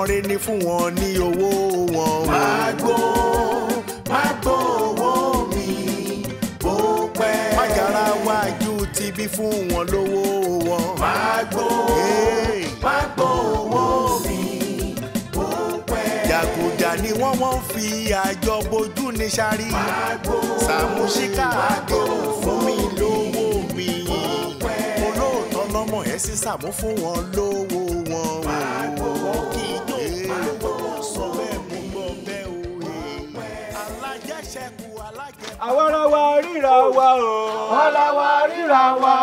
nǹkan rẹ ní fún wọn ní owó wọn. Magbo Magbo owó mi bó pẹ́. Má yàrá wájú ti bí fún wọn lówó wọn. Magbo Magbo owó mi bó pẹ́. Jàgùjà ni wọ́n wọ́n fi àjọ bojú ní sáré. Magbo Sàmú Ṣíkà àdéhùn fún mi lówó mi. Olóòótọ́ lọ́mọ ẹ̀ sísàmú fún wọn lówó wọn. Magbo. àwara ríra wa o. àwara ríra wa.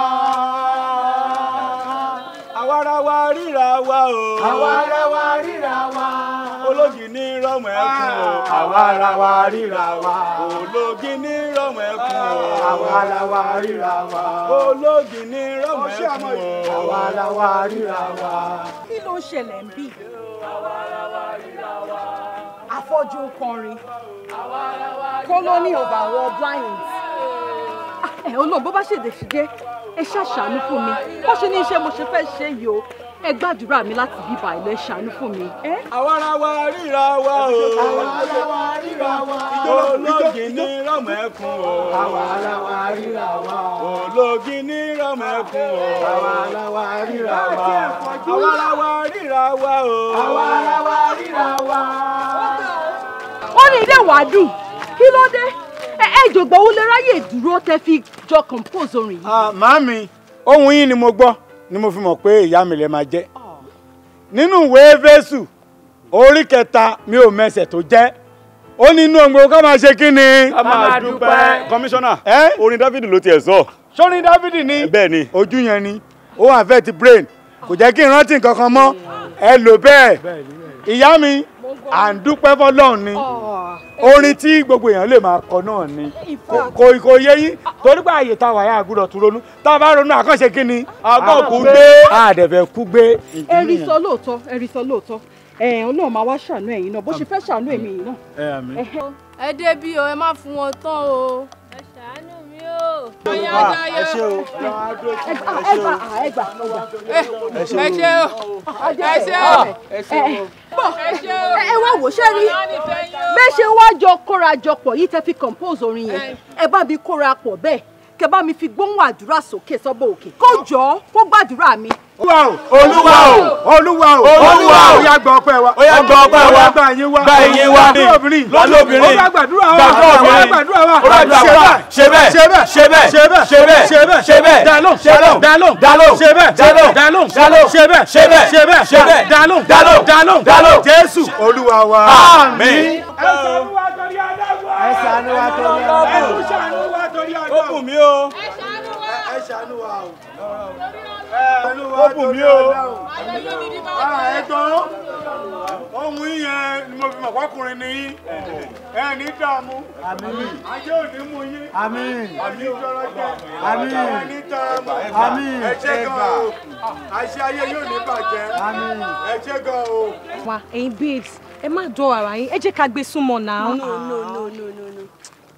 àwara ríra wa o. àwara ríra wa. ológi ní rọmọ ẹkún o. àwara ríra wa. ológi ní rọmọ ẹkún o. àwara ríra wa. ológi ní rọmọ ẹkún o. àwara ríra wa. kí ló ń ṣẹlẹ̀ ń bí? àwara ríra wa afọ́jú kọrin colony of our blinds. ẹ olóò bó bá ṣèdè ṣìdé ẹ ṣàṣàánú fún mi bó ṣe ní iṣẹ́ mo ṣe fẹ́ ṣe yìí o ẹ gbàdúrà mi láti bíbá ilé ṣàánú fún mi. Eh? àwa ara wa ríra wa o àwa ara wa ríra wa olóògì ní rọmọ ẹkún o àwa ara wa ríra wa olóògì ní rọmọ ẹkún o àwa ara wa ríra wa àwa ara wa ríra wa o àwa ara wa ríra wa orin ilé wàá dùn kí ló dé ẹ jọ̀gbọ́n ó lè ráyè dúró tẹ́ fi jọ compose orin yìí. Ah, màámi ohun yín ni mo gbọ́ ni mo fi mọ̀ pé ìyá mi lè máa jẹ́ ah. nínú ìwé orí kẹta mi ò mẹsẹ̀ tó jẹ́ ó ní inú ọgbọ́n ká máa ṣe kí ni. ká máa dúpẹ́. kọmíṣánná orin dávidi ló tiẹ̀ sọ. sọrin dávidi ni bẹ́ẹ̀ ni ojú yẹn ni ó wà fẹ́ẹ̀ ti brain kò jẹ́ kí n rántí nǹkan kan mọ́ hmm. ẹ lò bẹ́ẹ̀ ìyá mi a ń dúpẹ́ fọlọ́run ni orin tí gbogbo èèyàn lè máa kọ náà ni kò kò yín torí pé àyè tá a wà yá tún ronú tá a bá ronú àkànṣe kí ni àgbọ̀ kú gbé àdẹ̀fẹ̀ kú gbé. ẹrí sọ lóòótọ ẹrí sọ lóòótọ́ ẹ̀hún náà máa wá ṣàánú ẹ̀yin náà bó ṣe fẹ́ ṣàánú èmi yìí náà. ẹ dé bí o ẹ má fún wọn tán o. ẹ ṣé o ẹ gbà ẹ o eh, ẹ ṣé o ẹ ṣé o ẹ o ẹ wá wò ṣe rí bẹ́ẹ̀ ṣe wá jọ kóra jọpọ̀ yìí tẹ́ fi compose orin yẹn eh. ẹ bá bi kóra pọ̀ bẹ́ẹ̀ kẹ bá mi fi gbóhùn àdúrà sókè sọ́bà òkè kó jọ kó gbàdúrà mi. olúwa o olúwa o olúwa o olúwa o ó yá gbọ́ ọpẹ́ wa ó yá gbọ́ ọpẹ́ wa gba ẹ̀yìn wa gba ẹ̀yìn wa lọ́lọ́bìnrin lọ́lọ́bìnrin ó bá gbàdúrà wa ó bá gbàdúrà wa ó bá gbàdúrà wa ṣe bẹ́ẹ̀ ṣe bẹ́ẹ̀ ṣe bẹ́ẹ̀ ṣe bẹ́ẹ̀ ṣe bẹ́ẹ̀ ṣe bẹ́ẹ̀ ṣe bẹ́ẹ̀ dalóhùn dalóhùn dalóhùn dalóhùn ṣe bẹ́ẹ̀ dalóhùn dalóhùn dalóhùn ṣe bẹ́ẹ̀ ṣe bẹ́ẹ̀ ṣe bẹ́ẹ̀ ṣe bẹ́ẹ̀ dalóhùn dalóhùn dalóhùn dalóhùn jésù olúwa wa àmín. ẹ ṣàánú wa torí adágún ẹ ṣàánú wa torí adágún ẹ ṣàánú ó bù mí o. ẹ ṣàánú wa o. ó bù mí o. Ah, ẹ tọ́ ohun yíyẹn ni mo fi mọ̀ pákùnrin ni yín ẹ ní dààmú ajé ò ní mú yín àmì jọrọ jẹ àmì ní tààmú ẹ ṣé gan o àṣẹ ayé yóò ní bàjẹ́ ẹ ṣé gan o. wa ẹ̀yin babes ẹ má dọ̀ ara yín ẹ jẹ́ ká gbé súnmọ́ náà. no no no no no. no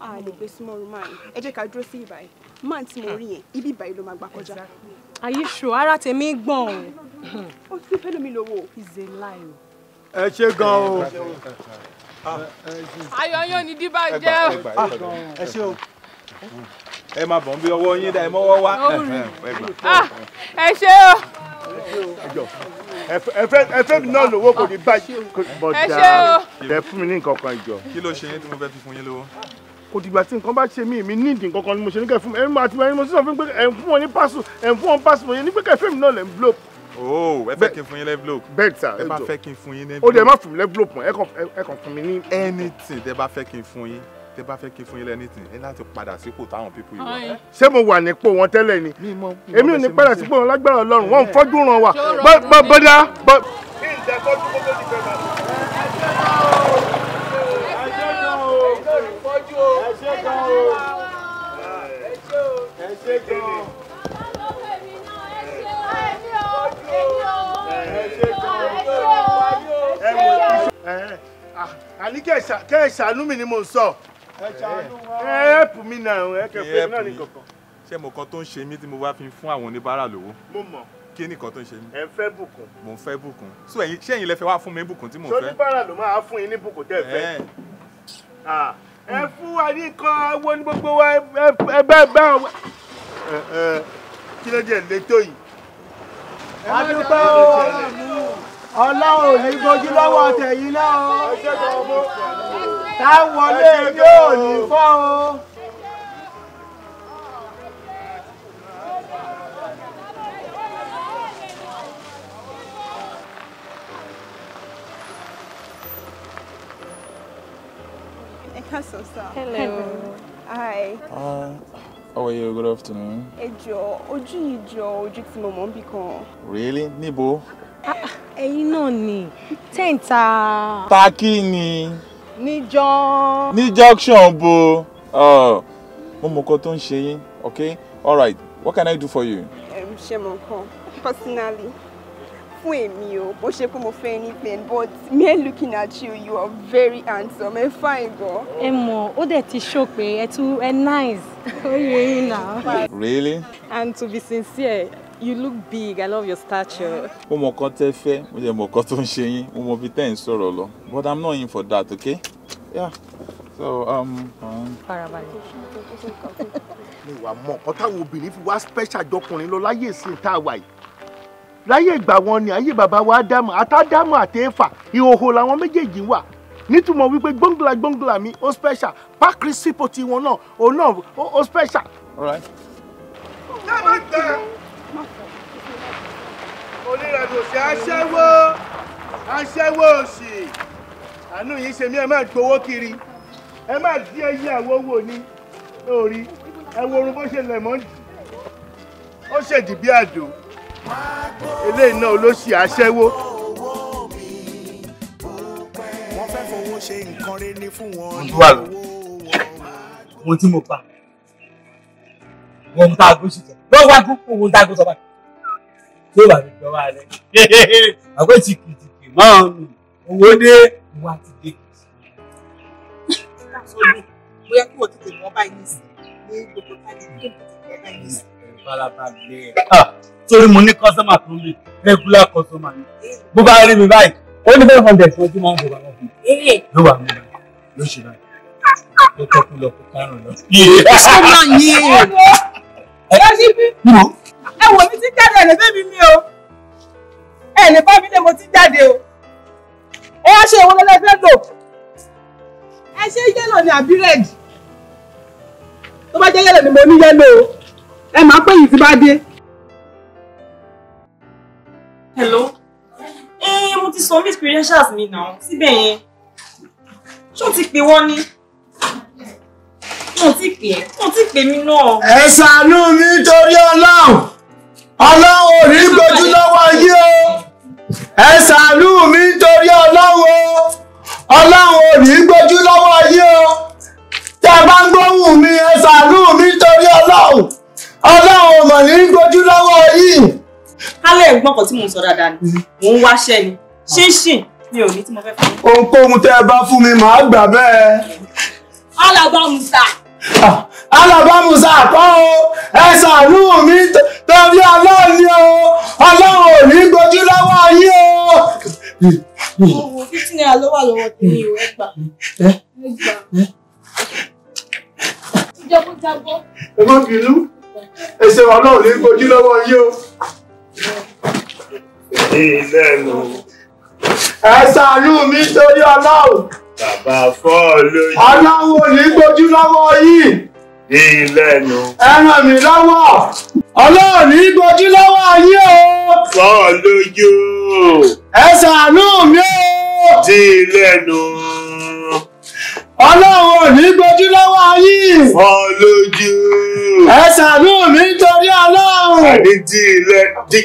a lè gbé súnmọ́ ọrùn máa yẹn ẹ jẹ́ ká dúró sí ìbàyẹn máa tí mo rí yẹn ibi ìbàyẹn ló máa gbà kọjá. ayé ṣù ara tèmi gbọ̀n o ó sì fẹ́ lómi lówó. ìzè láì ah. o. ẹ ṣe gan o. ayọ̀ yóò ní dìbà jẹ́ o. ẹ ṣe o ẹ máa bọ̀ ń bí ọwọ́ yín dá ẹ mọ́wọ́ wá. ẹ ah, ṣe o. ẹ fẹ́ mi náà lówó kò ní bàjẹ́. ẹ ṣe o. ẹ fún mi ní nǹkan kan ìjọ. kí ló ṣe yín tí mo fẹ́ fi fún yín lówó kò dìgbà tí nǹkan bá ṣe mí mi ní ìdìn kankan ni mo ṣe ní kẹ fún mi àti ẹnu mo sísọ fún pé ẹ fún wọn ní pásù ẹ fún wọn pásù mo yẹ ní pé kẹfẹ́ mi náà lẹ́ ń blow. ooo ẹ fẹ́ kí n fún yín lẹ́bílòpù. bẹ́ẹ̀ sà ẹ bá fẹ́ kí n fún yín lẹ́bílòpù. ó dẹ̀ má fún mi lẹ́bílòpù ẹ kàn fún mi ní. anything tẹ bá fẹ́ kí n fún yín tẹ bá fẹ́ kí n fún yín lẹ́ni ẹ láti padà sípò táwọn pípò yìí wà. ṣé mo wà nípò wọn tẹ́lẹ̀ ni èmi ò ní padà sípò wọn lágbára Ọlọ́run wọn ń fọ́jú ràn wá bọ́dá. kí ẹ ṣe gan. àní kẹ́ ẹ ṣàánú mi ni mo ń sọ ẹ ẹ̀pù mi náà ẹ kẹfẹ́ náà ní kankan. ṣé mo kan tó ń ṣe mí tí mo bá fi fún àwọn oníbàárà lówó. mo mọ̀ kí ni kan tó ń ṣe mí. ẹ fẹ́ bùkún. mo ń fẹ́ bùkún so ẹ̀yin ṣé ẹ̀yin lẹ fẹ́ wá fún mi bùkún tí mo fẹ́. sọ́dún bàrà ló máa fún yín ní bùkún tẹ́ ẹ ẹ fún wa ní nǹkan ẹwọ ní gbogbo wa ẹ bẹ́ẹ̀ bẹ́ẹ̀ wa. kí ló jẹ́ létò yìí. adúgbò ọlọ́run ní gbójú lọ́wọ́ tẹ̀yìn náà táwọn wọlé yóò ní fọ́ o. Hello, sir. Hi. Ah, how are you? Good afternoon. Ẹ jọ̀ọ́, ojú yìí jọ ojú tí mo mọ̀ níbì Really? Níbo? Ah, ẹ̀yin náà ni. Tẹ́ǹta. Ta kí ni? Níjọ́. Ní junction bo. Ah, mo mọ̀ nǹkan tó okay? All right, what can I do for you? Ṣé mo kàn personally? fún èmi o bó ṣe pé mo fẹ́ anything but me looking at you you are very handsome ẹ fine gan. ẹ mọ̀ ó dẹ̀ ti show pé ẹ tún ẹ nice ó yẹ yín náà. really. and to be sincere you look big i love your stature. mo mọ kan tẹ́ fẹ́ mo jẹ mọ kan tó ń ṣe yín mo mọ bí tẹ́ ń lọ but i'm not in for that okay. Yeah. so um. um farabalẹ̀. mi wà mọ̀ ọ̀tá àwọn obìnrin fi wá special jọkùnrin lọ láyé ìsìn tá a wà yìí láyé ìgbà wọn ni ayé bàbá wa ádámù àtádámù àtẹ́fà ìhòhò làwọn méjèèjì wà nítumọ̀ wípé gbóngbòlà gbóngbòlà mi ó special pákí sípò tiwọn náà òun náà ó special. onírànlọ́sì aṣẹ́wó aṣẹ́wó òsì àánú yìí ṣe mí ẹ máa gbowó kiri ẹ máa dí ẹyẹ àwọ̀ ní lórí ẹ wo orun bó ṣe lẹ̀ mọ́ ó ṣèdí bí àdó eléyìí náà olóṣì aṣẹ́wó. wọ́n fẹ́ fowó ṣe nǹkan rẹ̀ ní fún wọn. wọ́n wà lọ wọn tí mo pa wọn ń ta àgbo sí jẹ lọ́wọ́ wá gún owó ń ta sọ́ba tó wà ní ìjọba rẹ̀ àgbo ti kìtìkì mọ́ mi owó dé wá ti dé. bóyá kí wọ́n tètè mọ́ báyìí sí ní gbogbo káàdì kí wọ́n farabalẹ̀ torí ah, mo ní kọ́sọ́mà tó ń bì regular kọ́sọ́mà ni bó bá rí mi báyìí ó ní bẹ́ẹ̀ hundred fún ojúmọ́ ọ̀dọ̀ wàá fi ló wà mí ló ṣe báyìí ló tọ́kú lọ kó kárùn lọ. sọ́nà yìí ẹ wò mí ti jáde ẹ̀rẹ́ bẹ́ẹ̀ mi mi o ẹ̀rẹ́ bá mi lé mo ti jáde o ẹ yá ṣe ìwọ lọ́lẹ́fẹ́ lò ẹ ṣe yẹ́lò ní àbí rẹ́ẹ̀dì tó bá jẹ́ yẹ́lò ni mo ní yẹ́lò o ẹ máa pé yìí ti bá dé. hello ẹ mo ti submit credentials mi náà síbẹ̀ yẹn ṣó ti pè wọ́n ní wọn ti pè é wọn ti pè mí náà. ẹ ṣàánú mi torí ọlọ́run ọlọ́run ò ní gbójú lọ́wọ́ yí o ẹ ṣàánú mi torí ọlọ́run o ọlọ́run ò ní gbójú lọ́wọ́ yí o tẹ́ bá ń gbóhùn mi ẹ ṣàánú mi torí ọlọ́run ọlọ́run ọmọ ní gbójú lọ́wọ́ yìí. kálẹ̀ ẹ̀gbọ́n kan tí mò ń sọ dáadáa ni mm-hmm. mò ń wáṣẹ́ ni ṣínṣìn mi ò ní tí mo fẹ́ fún mi. ohunkóhun tẹ́ ẹ bá fún mi màá gbà bẹ́ẹ̀. alaba musa. alaba musa kọ́ o ẹ ṣàánú mi torí ọlọ́run ni o ọlọ́run ò ní gbójú lọ́wọ́ yìí o. owó fifty naira ló wà lọ́wọ́ tí mi ò gbà. ìjọba jábọ́. ẹ má bínú ẹsẹ̀ wa náà lè gbojú lọ́wọ́ yín o. ìlẹ́nu. ẹ ṣàánú mi torí ọlọ́run. bàbá fọ́ lóyún. ọlọ́run ò ní gbojú lọ́wọ́ yín. ìlẹ́nu. ẹ ràn mí lọ́wọ́. ọlọ́run ní gbojú lọ́wọ́ yín o. fọ́ lójú. ẹ ṣàánú mi o. dí ìlẹ́nu ọlọ́run ò ní gbójú lọ́wọ́ yín. ọlójú. ẹ ṣàánú mi nítorí ọlọ́run. àní tí ilẹ̀ dí.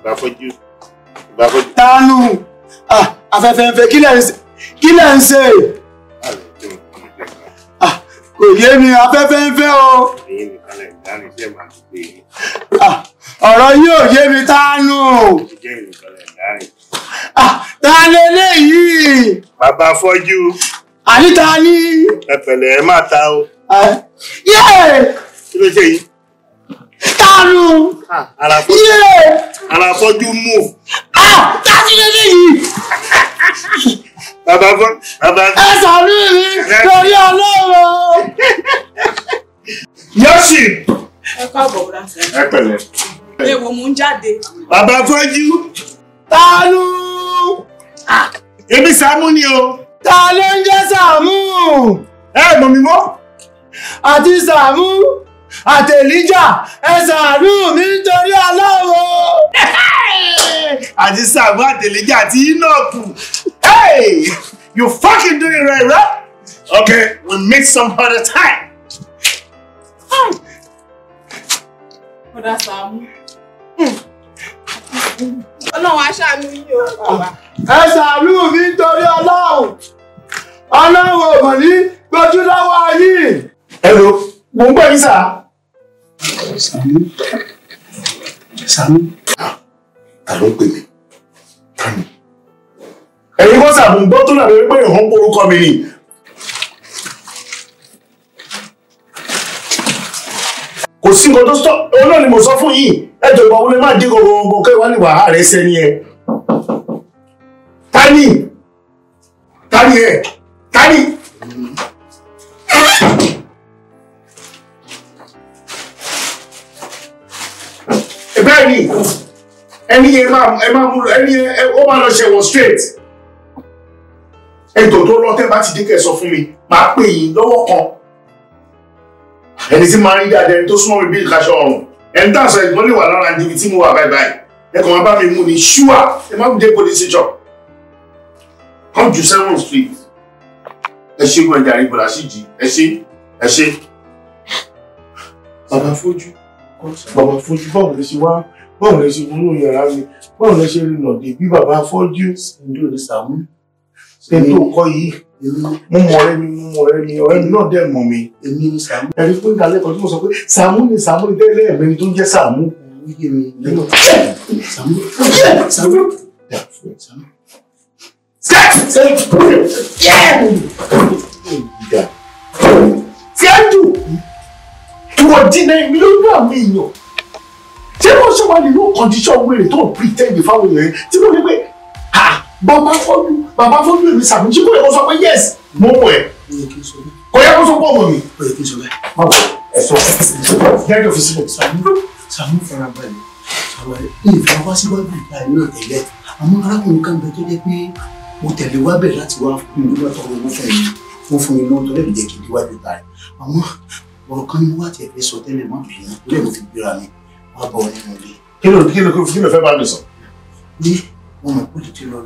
gbàfojú gbàfojú. tanu afẹ́fẹ́ ń fẹ́ kí lẹ̀ ń ṣe kí lẹ̀ ń ṣe. kò yé mi afẹ́fẹ́ ń fẹ́ o. ọ̀rọ̀ yìí ò yé mi tanu. Ah, ta ni eléyìí. bàbá fọ́jú. àní ta ni. ẹ pẹ̀lẹ́ ẹ máa ta o. kí ló ṣe yìí. tanu. Ah, ara fọ́jú ara fọ́jú mú. Ah, ta ni eléyìí. bàbá fọ́jú. ẹ sàánú mi lórí ọlọ́run. yọ́sì. ẹ káàbọ̀ wúrà sẹ́yìn. ẹ pẹ̀lẹ́. ewo mo ń jáde. bàbá fọ́jú. Tálú. Ah! Èmi Sàámú ni o. Ta ló ń jẹ́ Sàámú? Ẹ mọ̀ mi mọ́. Àti Sàámú àtẹ̀líjà ẹ ṣàánú mi nítorí aláwo. Àti Sàámú àtẹ̀líjà àti Ínọ̀kù. Hey! You fucking doing right, right? Okay, we we'll meet some other time. Bọ̀dá Sàámú ọlọ́run aṣáájú yìí o. ẹ ṣàánú mi nítorí ọlọ́run ọlọ́run ò mọ̀ ní gbójú lọ́wọ́ yìí. ẹ lo mo ń gbọ́ yín sà. sàmú sàmú. ta ló ń pè mí? ẹ̀yin kọ́sà mo ń gbọ́ tó làwọn ẹgbẹ́ ìhàn orúkọ mi ni sí nǹkan tó sọ olóò ni mo sọ fún yìí ẹjọ ìgbà wo lè má dín gbogbo gbogbo kẹ́ wá ní wàhálà rẹ sẹ́ni ẹ. tani tani ẹ tani. bẹ́ẹ̀ ẹni yẹn máa ẹ máa mú ẹni yẹn ó máa lọ ṣẹ̀wọ̀n straight ẹjọ tó lọ tẹ́ bá ti dín kẹ́ sọ fún mi màá pè yín lọ́wọ́ kan ẹni tí máa ń rí dáadáa ẹni tó súnmọ́ mi bí ìkaṣọ ọrùn ẹni tá a sọ ìgbọ́n lè wà lára níbi tí mo wà báyìí báyìí ẹ kàn máa bá mi mú ni ṣúà ẹ má dé police station come to seven street ẹ ṣe gun ẹja àrígbọ̀n àṣìjì ẹ ṣe ẹ ṣe. bàbá fojú bàbá fojú báwo lè ṣe wá báwo lè ṣe wọnú yàrá mi báwo lè ṣe rìnà dé bí bàbá fojú ń dúró ní sàmú ṣe tó kọ yìí mo mọ ọ̀rẹ́ mi mo mọ ọ̀rẹ́ mi ọ̀rẹ́ mi náà dẹ̀ mọ̀ mi. èmi ni Sàámú. ẹni pé nǹkan lẹ́kọ̀ọ́ tí mo sọ pé Sàámú ni Sàámú ni tẹ́lẹ̀ ẹ̀mẹ́ni tó ń jẹ́ Sàámú. Sàámú Sàámú Sàámú. Fíájú, ìwọ̀ jìnnà ìlú àmì èèyàn. Ṣé mo ṣe wà nínú kọ̀ndíṣọ̀ wèrè tó ń pìtẹ́ẹ̀dì fáwọn èèyàn yẹn tí mo ní pé bàbá fọlú bàbá fọlú èmi sàmì ṣé kò yẹ kó sọ pé yes mo mọ ẹ kò yẹ kó sọ pé ọmọ mi. kò yẹ kí n sọ bẹ́ẹ̀. má bọ̀ ẹ sọ gẹ́gẹ́ fi sílẹ̀ sàmú sàmú fara balẹ̀ sọ̀rọ̀ ìfẹ́ wá síwájú ìgbà yìí náà tẹ̀lé àmọ́ arákùnrin kan bẹ tó jẹ́ pé mo tẹ̀lé wá bẹ̀rẹ̀ láti wá fún mi lọ́wọ́ tọrọ owó fẹ́ mi mo fún mi lọ́wọ́ tó lẹ́bi jẹ́ kí n díwájú ìgbà rẹ̀ àmọ́ ọ̀rọ̀ kan ní wá tiẹ̀ fẹ́ sọ tẹ́lẹ̀ má bìí lẹ́yìn mo fi gbéra mi wá bọ̀ nínú ilé. kí ló kí ló fẹ́ bá mi sọ wọn mọ̀ pé títí lọ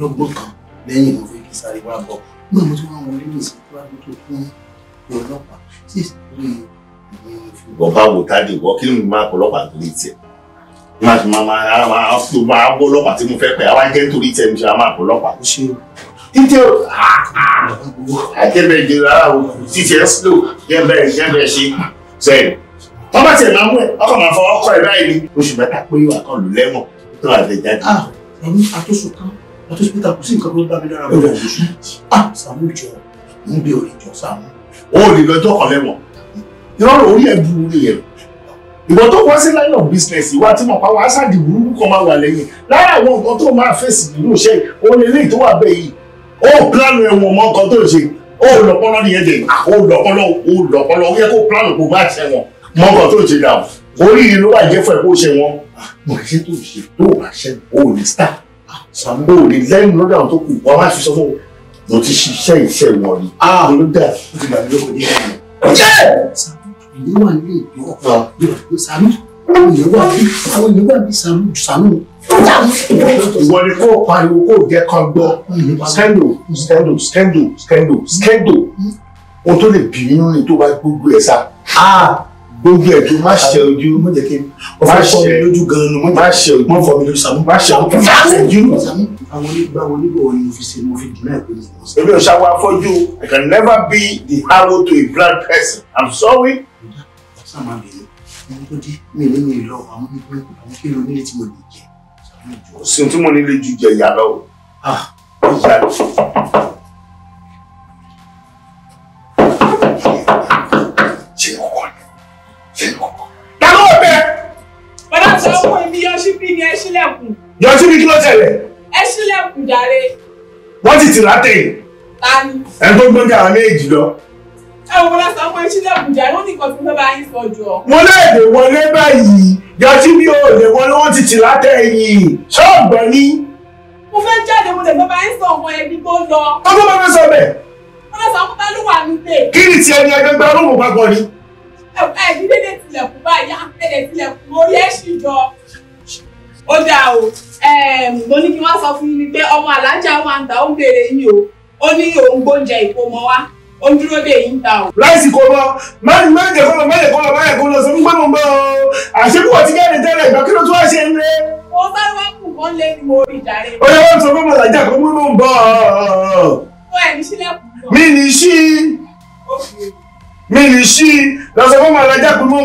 lọ́gbọ́n kan lẹ́yìn mo fi kí sáré wá bọ̀ náà mo tún wá wọlé ní ìsìnkú wájú tó fún ọlọ́pàá sí ìsìnkú yìí. bọ́bá wo tádé wọ kí ni mo máa kọ ọlọ́pàá torí tiẹ̀ máa fi máa máa máa fi máa bọ́ ọlọ́pàá tí mo fẹ́ pẹ̀ àwọn akẹ́kẹ́ torí tiẹ̀ mo ṣe máa kọ ọlọ́pàá. ó ṣe o títí o àjẹbẹjẹ rárá o títí ẹ slow jẹbẹ jẹbẹ ṣe sẹ́yìn wọn bá tiẹ̀ máa mú ẹ ọkọ máa fọ ọkọ ẹ báyìí ní oṣù mẹ́ta pé wà kàn lù lẹ́wọ̀n tó àtẹjáde ẹni àtúnṣùtán àtúnṣùtà kò sí nǹkan tó bá mi lára bọ̀ ọ̀hún sí Sàámú jọ ń bí orí jọ Sàámú. ó lè lọ́jọ́ kan lẹ́wọ̀n ìrọ̀rùn orí ẹ̀ burú nìyẹn ìwọ tó wá sí line of business ìwà tí mo pa wá sáàdì burúkú kan máa wà lẹ́yìn lára àwọn nǹkan tó máa fèsì nínú iṣẹ́ òun eléyìí tó wà bẹ́ẹ̀ yìí ó plánù ẹ̀wọ̀n mọ́ nǹkan tó ṣe ó lọ́pọ́lọ́ nìyẹn dẹ̀ ó ah, lọ́pọ́lọ́ ó lọ́pọ́lọ́ ó yẹ kó plánù kó má ṣẹ̀wọ̀n mọ́ nǹkan tó ṣe dà oríire ló bàjẹ́ fún ẹ̀ kó ṣe wọn ah, mo ṣe tó ṣe tó wà ṣẹ́gun ó lè sítà ah, sàmúgbò lè lẹ́nu lọ́dọ̀ àwọn tó kù wọn wá fi sọ fún mo ti ṣiṣẹ́ iṣẹ́ wọn ni ah. mo ló dà ó ti gbàgbé lóko ní ìlú. jẹ́ ìlú wà nílé ìlú ọ̀pá ìlú sàmú ìlú wà bí àwọn ìlú wà bí sàmú sàmú. ìwọ ni kó pariwo kó jẹ kan gbọ́ scandal scandal scandal scandal scandal hmm. ohun tó lè bì nínú ni tó bá gbogbo ẹ̀ sá gbogbo ẹ má ṣe ojú má ṣe má ṣe lójú gan ni má ṣe ojú má fọ mi lójú sàmú má ṣe ojú má ṣe ojú àwọn onígbà wọn níbò wọn ni mo fi ṣe mo fi dìnnà ìpè mi. èmi ò ṣàwọn afọ́jú I can never be the arrow to a blind person I'm sorry. sàmà bìíní ẹni tó dé mi ní mi lọ àwọn nígbà àwọn kí ló nílé tí mo lè jẹ. kò nílé ju jẹ ìyá lọ o. Ah. ìyá lọ. yọjú bí kí ló ṣẹlẹ̀. ẹ sílẹ̀ kù dáre. wọ́n ti tìlá tè. ta ni. ẹ tó gbọ́n kí àwọn méjì lọ. ẹ wò wọlé sọ pé sílẹ̀ kù dáre wọ́n ní nǹkan tó fẹ́ bá yín sọ jù ọ. wọ́n lè lè wọlé báyìí yọjú bí o lè wọlé wọ́n ti tìlá tè yìí ṣọ́ọ̀gbọ́ ni. mo fẹ́ jáde mo lè fẹ́ bá yín sọ ọmọ ẹbí tó lọ. ọgbọ́n bá fẹ́ sọ bẹ́ẹ̀. wọ́n sọ pé pẹ́lú wà mí pé. kí ni tiẹ̀ ni ẹgbẹ́ gbẹ́ ọlọ́mọ ó dáa o mo ní kí wọ́n sọ fún mi pé ọmọ alájà wa ń ta ó ń o ó ní òun gbóúnjẹ ìkómọ wá ó ń dúró dé yín ta o. láìsí kò lọ máyì máyì kò lọ máyì kò máyì kò sọ fún gbọmọ gbọ àṣekúwọ ti jáde tẹ́lẹ̀ ìgbà kí ló tún wá ṣe ń lé. mo bá wá kù kán lé ni mo rí jàre. ó yẹ wọn sọ fún ọmọ alájà pé mo ń bọ. fún ẹ ní mi ní sí mi ní sí lọ sọ fún ọmọ alájà pé mo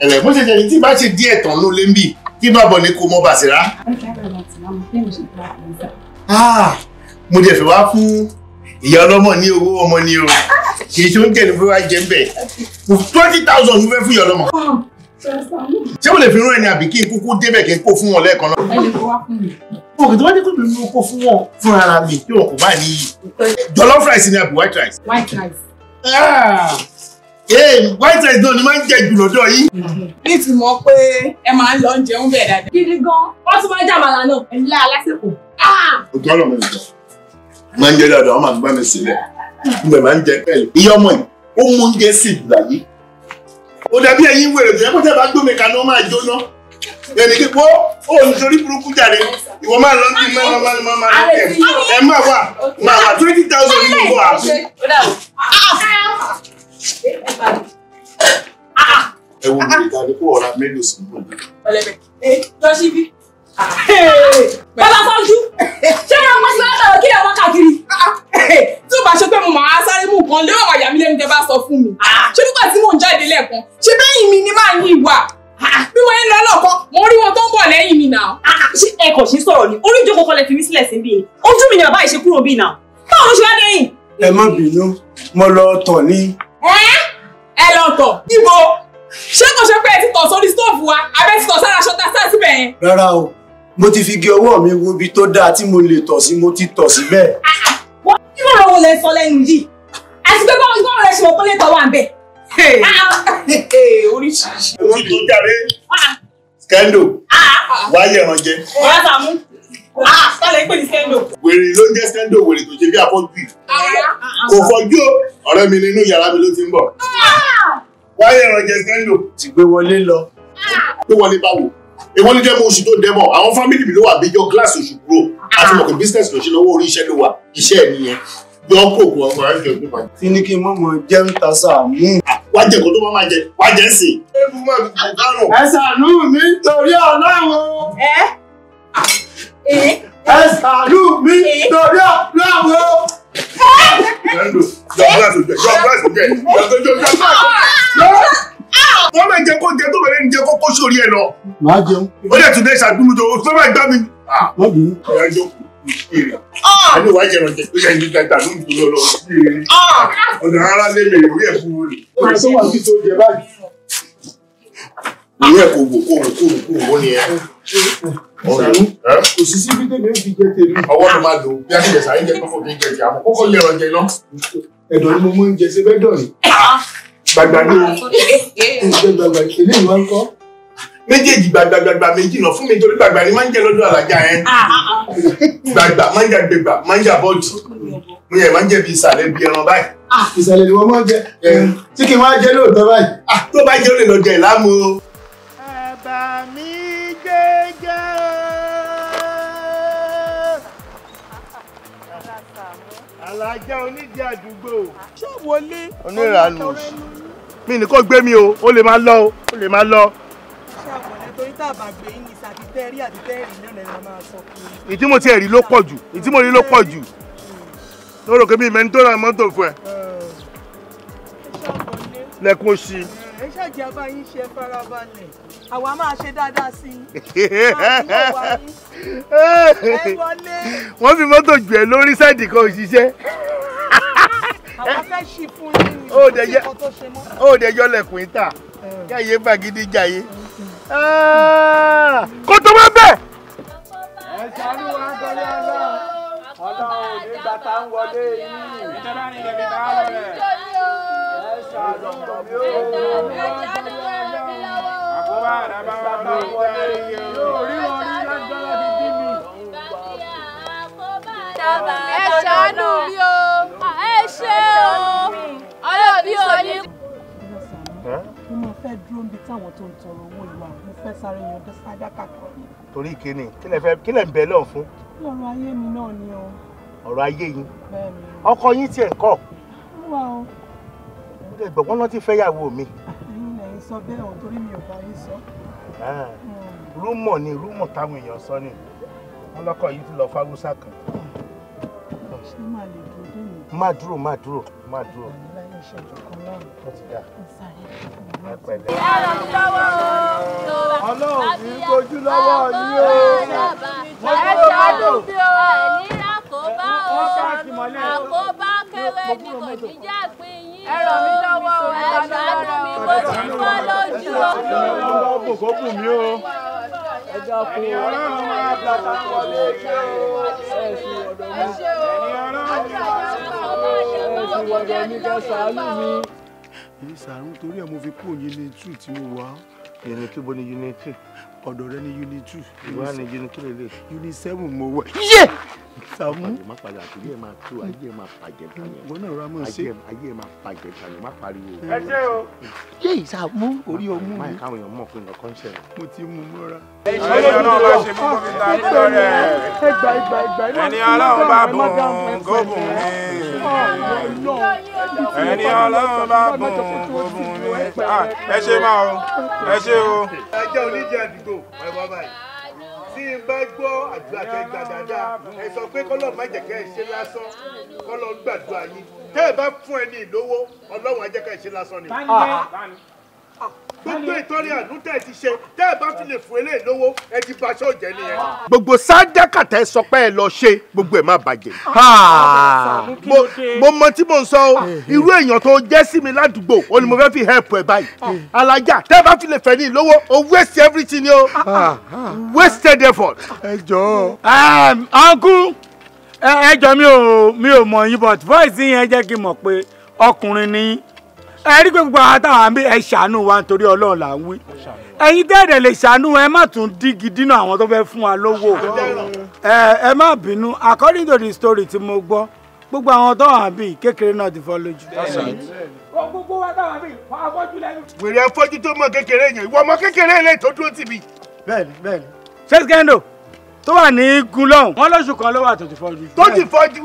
ẹ̀rẹ̀ bó ṣe jẹ́ tí bá ṣe díẹ̀ tán ló lé ń bì kí bá bọ̀ ní kó mọ́ bàṣírá. Ah, mo dẹ̀ fẹ́ wá fún ìyá ọlọ́mọ ní owó ọmọ ní o kì í ṣe oúnjẹ ní fẹ́ wá jẹ ń twenty thousand mo fẹ́ fún ìyá ọlọ́mọ. ṣé mo lè fi rán ẹni àbí kí n kúkú débẹ̀ kí n kó fún wọn lẹ́ẹ̀kan náà. ẹ lè kó wá fún mi. òkè tó bá dé kó mi kó fún wọn fúnra ara mi tí wọn kò bá níyì. jollof rice ni àbí white rice. white rice. Ah! Eh, white rice náà ni máa ń jẹ jù lọ́dọ̀ yín. ní ti mọ̀ pé ẹ máa ń lọ oúnjẹ ń bẹ̀ dáadáa. gidi gan wọ́n tún máa ń jàmàlà náà ẹ̀yìn lára lásìkò. Ah! òtún ọ̀rọ̀ mi nìkan máa ń jẹ dáadáa wọ́n máa ń gbá mi sílẹ̀ ìgbà máa ń jẹ pẹ̀lú. ìyá ọmọ yìí ó mú oúnjẹ sí ìgbà yìí. ó dàbí ẹ̀yin wèrè tó yẹ kó tẹ́ bá gbómi kaná máa jóná èmi kí wọ́n ó nítorí burúkú jáde ìwọ máa lọ bí mẹ́rin máa máa máa ẹ máa wà máa wà twenty thousand ní ìwọ àbí ẹ wo mi ìdá ni kó ọ̀rá mélòó sí mọ̀ náà. ọlẹ́bẹ̀ ẹ lọ sí bí. bàbá fọ́jú ṣé ẹ ọmọ sílẹ̀ ọ̀tọ̀ kí ẹ wá káàkiri. tí o bá ṣe pé mo máa sáré mú nǹkan lérò àyà mi lẹ́nu tẹ́ bá sọ fún mi. ṣé nígbà tí mò ń jáde lẹ́ẹ̀kan ṣé bẹ́yìn mi ni máa ń yí ìwà bí wọ́n ń lọ lọ́kọ́ mo rí wọn tó ń bọ̀ lẹ́yìn mi náà. ṣé ẹ kò ṣe sọ̀rọ̀ ni orí ìjókòó kọlẹ̀ fi mí sílẹ̀ sí bí i ojú mi ni bàbá ìṣekúrò bí i náà báwo ló ṣe wá dẹ́yìn. ẹ má bínú ẹ lọ ibo ṣé kò ṣe pé ẹ ti tọ̀ sórí stóòfù wa abẹ́ ti tọ̀ sára aṣọ tá a sá síbẹ̀ yẹn. rárá o mo ti fi gé ọwọ́ mi wo ibi tó dáa tí mo lè tọ̀ sí mo ti tọ̀ síbẹ̀. Ah, ah. wọ́n ní ọ̀rọ̀ wo lẹ sọ lẹ́nu yìí àti pé báwo báwo lẹ ṣe mọ̀ pé lè tọ̀ wà ń bẹ̀. oríṣiríṣi. owó tó jáde ah, scandal wáyé ẹran jẹ. wọ́n á sàmú ah sálẹ̀ pè ní stendo. wèrè ló ń jẹ́ stendo wèrè tó ṣe bí afọ́jú yìí kò fọjú ọ̀rẹ́ mi nínú yàrá mi ló ti ń bọ̀ wáyé ẹ̀rọ jẹ́ stendo. ti gbé wọlé lọ. tó wọlé báwo èwo ló jẹ́ mọ oṣù tó dẹ́mọ̀ àwọn fámìlì mi ló wà bíjọ́ gíláàsì oṣù kúrò àti mọ̀ pé bísíǹsì lọ sí lọ́wọ́ orí iṣẹ́ ló wà iṣẹ́ ẹ̀ nìyẹn yọ kó kó ọmọ ẹ̀ jẹ́ kó máa. tí ní kí n mọ̀ mọ̀ jẹun ta sàmú wá jẹ kó tó máa jẹ wá jẹ sí. ebu máa fi kò kárùn. ẹ ṣàánú mi torí ọlọ́run. ẹ ẹ ṣàánú mi lórí àdúrà wo. Wọ́n máa jẹ kó jẹ tó bẹ̀rẹ̀ ní jẹ kó kó sórí ẹ lọ. Màá jẹun. Ó lè tún dé ṣàdúró jọ, òṣìṣẹ́ máa gbá mi. Má bínú. Ẹ jókòó ìrìn ẹni wàá jẹrọ jẹ tó yẹn nígbà gbà ló ń dúró lọ ìrìn ọ̀nà ara lé mi ìwé ẹ̀kú rẹ̀. ó sọ wà bí tó jẹ báyìí. ìwé ẹ̀kú wò kó wò kó wò kó wò ní ẹ kò sí sí bí tèmi fi jẹ tèmi. ọwọ́ ló máa lò bí a ti jẹ sàyẹn jẹ kọ́kọ́ kí n jẹ ti àmọ́ kókó lẹ́rọ jẹ lọ. ẹ̀dọ̀ ni mo máa ń jẹ ṣe fẹ́ dọ̀ ni. gbàgbà ni o ìjẹ gbàgbà eléyìí máa ń kọ́. méjèèjì gbàgbàgbàgbà méjì náà fún mi torí gbàgbà ni máa ń jẹ lọ́dọ̀ àlàjá yẹn. Ah, ah, ah. gbàgbà máa ń jẹ gbẹgbà máa ń jẹ bọ́ọ̀lù mo yẹ máa ń jẹ bí ìsàlẹ̀ bí ẹran báyìí. ìsàlẹ̀ ni wọ́n máa ń jẹ tí kì í máa jẹ lóòótọ́ báyìí. tó bá jẹ́ ó lè lọ jẹ ìlàmú o. jẹ́ onídìí àdúgbò. ṣé wọlé. onírànù mi ní kó gbé mi o ó lè máa lọ ó lè máa lọ. ṣé àpọ̀lẹ́ torí tá a bá gbé yín ní sàtítẹ́rì àtítẹ́rì ní ọ̀nà ìlànà máa sọ fún mi. ìdí mo ti ẹ̀rí ló pọ̀ jù ìdí mo rí ló pọ̀ jù lórúkọ mi ìmẹ́ni tó ra mọ́tò fún ẹ. lẹ́kùn sí i ẹ ṣàjẹ́ abáyín ṣe farabalẹ̀ àwa máa ṣe dáadáa sí i wọ́n fi mọ́tò jù ẹ́ lórí sáìdì kan òṣìṣẹ́. àwa fẹ́ ṣì fún yín ní ìdíkọ́ tó ṣe mọ́. ó dẹ̀ yọlẹ̀kùn ìta káyé bàgídí jàyé kó tó máa bẹ̀. ẹ ṣàánú wa dọ́lé ọlọ́run ní bàtà ń wọlé yìí. ìjọba ni ìjọba ń wọlé àkóbá àdàbà wà bá wọ́n ẹ̀rí yẹn yóò rí wọn ní lágbára ti bí mi. ẹ ṣàánú mi o ẹ ṣe o ọlọ́bí ò ní. mo máa fẹ́ dúró níbi táwọn tó ń tọrọ owó ìwà mo fẹ́ sáré yanjú sádàkà kan. torí kíni kí lẹ ń bẹ lọ́ọ̀ fún. ọ̀rọ̀ ayé mi náà ni o. ọ̀rọ̀ ayé yín ọkọ yín tiẹ̀ ń kọ́. wọ́n dẹ̀ gbọ́ wọ́n ti fẹ́yàwó mi. ẹ̀yin lẹ́yìn sọ bẹ́ẹ̀ o torí mi ò bá yín sọ. Ah, rúmọ̀ ni rúmọ̀ táwọn èèyàn sọ ni wọ́n lọ́kọ̀ yìí ti lọ fáwùsà kan. ṣé màá lè dúró dé mi. má dúró má dúró má dúró. láyé ìṣẹ́jú kan náà ló o. ọlọ́run kì o. mo gbọ́dọ̀ ẹ̀ àkóbá o àkóbá kẹrẹ ni kò ní jẹ́ pín ẹ ràn mí lọ́wọ́ ẹ ṣàánú mi bó ti fọ́ lójú o. ọlọ́wọ́ kò kó kù mí o. ẹja kú ẹni ọlọ́run máa bá ta wọlé kí o. ẹ ṣe ọ̀dọ̀ mi ẹni ọlọ́run ẹ ṣe ọ̀dọ̀ mi kẹ́ ṣàánú mi. èyí ṣàánú torí ẹ̀ mo fi kúrò ní unit tí mo wà á. unit two bó ni unit three. ọ̀dọ̀ rẹ ni unit two. ìwà ni unit three lè. unit seven mo wẹ̀. yé. Yeah! Sàámú má padà àtúndì ẹ máa ayé ẹ máa bàjẹ́ wọn náà ra mọ sí. ayé ẹ máa bàjẹ́ kàní pariwo. ẹ ṣe o. yéè Sàámú orí ọmú mi. máa káwọn èèyàn mọ̀ pé nǹkan kan ṣẹlẹ̀. mo ti mú un mọ́ra. ẹ̀yin náà bá ṣe mú mi ta ah, gbọ́ rẹ̀. ẹgbà ẹgbà ẹgbà ẹgbà ẹni ọlọ́run bá bùn kó bùn ẹni ọlọ́run bá bùn kó bùn ah, ẹ ṣe máa o ẹ ṣe o. ẹ jẹ́ oníjẹ àdúgbò ẹ wá báyìí tí n bá gbọ́ àdúrà tẹ́ gbà dáadáa ẹ sọ pé kọ́lọ́ má jẹ́ kẹ́ ẹ ṣe lásán kọ́lọ́ gbàdúrà yín tẹ́ ẹ bá fún ẹ ní ìlówó ọlọ́run á jẹ́ kẹ́ ẹ ṣe lásán ni gbogbo ìtọ́rí àánú tẹ́ ẹ ti ṣe tẹ́ ẹ bá fi lè fún eléyìí lówó ẹ ti ba aṣọ jẹ nìyẹn. gbogbo sádàkàtà ẹ sọ pé ẹ lọ ṣe gbogbo ẹ má bàjẹ́. Ah, ah, ah, mo mọ tí mo ń sọ o eh. irú èèyàn tó jẹ́ sí mi ládùúgbò o ni mo fẹ́ fi help ẹ báyìí. Eh. alájà tẹ́ ẹ bá fi lè fẹ́ ní lówó o waste everything ni o wasted effort. ẹ jọ̀ọ́. uncle ẹ jọ mi ò mi ò mọ̀ yín but voice yẹn jẹ́ kí n mọ̀ pé ọkùnrin ni yín ẹ rí gbogbo àwọn àmì ẹ ṣàánú wa nítorí ọlọ́run là ń wí ẹ̀yin tẹ́ẹ̀dẹ̀ lè ṣàánú ẹ má tún dígi dínà àwọn tó fẹ́ fún wa lówó ẹ má bínú according to the story tí mo gbọ́ gbogbo àwọn tó wà bíi kékeré náà ti fọ́ lójú. wèrè afọ́jú tó mọ kékeré yẹn ìwọ ọmọ kékeré lè tó dúró tìbí. bẹ́ẹ̀ni bẹ́ẹ̀ni. ṣé kẹ́ńdò tó wà ní gúlọ̀n wọn lóṣù kan ló wà tó ti fọ́jú. tó ti fọ́jú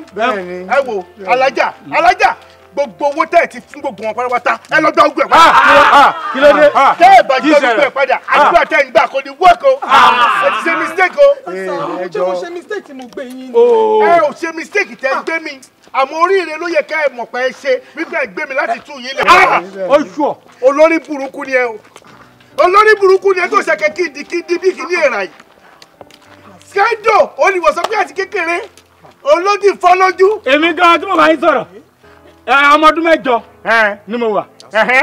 ẹ wò alájà alájà gbogbo owó tẹ́ ẹ̀ ti fún gbogbo wọn pátápátá ẹ lọ gba ogun ẹ̀ padà. Ah, ah, ah, kí ló dé tẹ́ ẹ̀ bá gbé ogun ẹ̀ padà àdúrà tẹ́ ẹ̀ ń gbà kò ní wọ́ọ̀kì o ẹ ti ṣe mistake o. Eh, ẹ jọ mo ṣe mistake tí mo gbé yín. Oh. ẹ ò ṣe mistake tẹ́ ẹ gbé mi àmọ́ oríire ló yẹ ká ẹ mọ̀ pé ẹ ṣe wípé ẹ gbé mi láti tú yín lẹ̀. oṣù olórí burúkú ni ẹ o olórí burúkú ni ẹ tó ṣẹkẹ kíndìkíndì bí kìíní èrà yìí kẹ́ńdò olùwọ̀sán pé àti kékeré olódì fọ́lọ́jú. èmi gan-an tí mo bá yín sọ̀rọ̀ ọmọ ọdún mẹ́jọ ni mo wà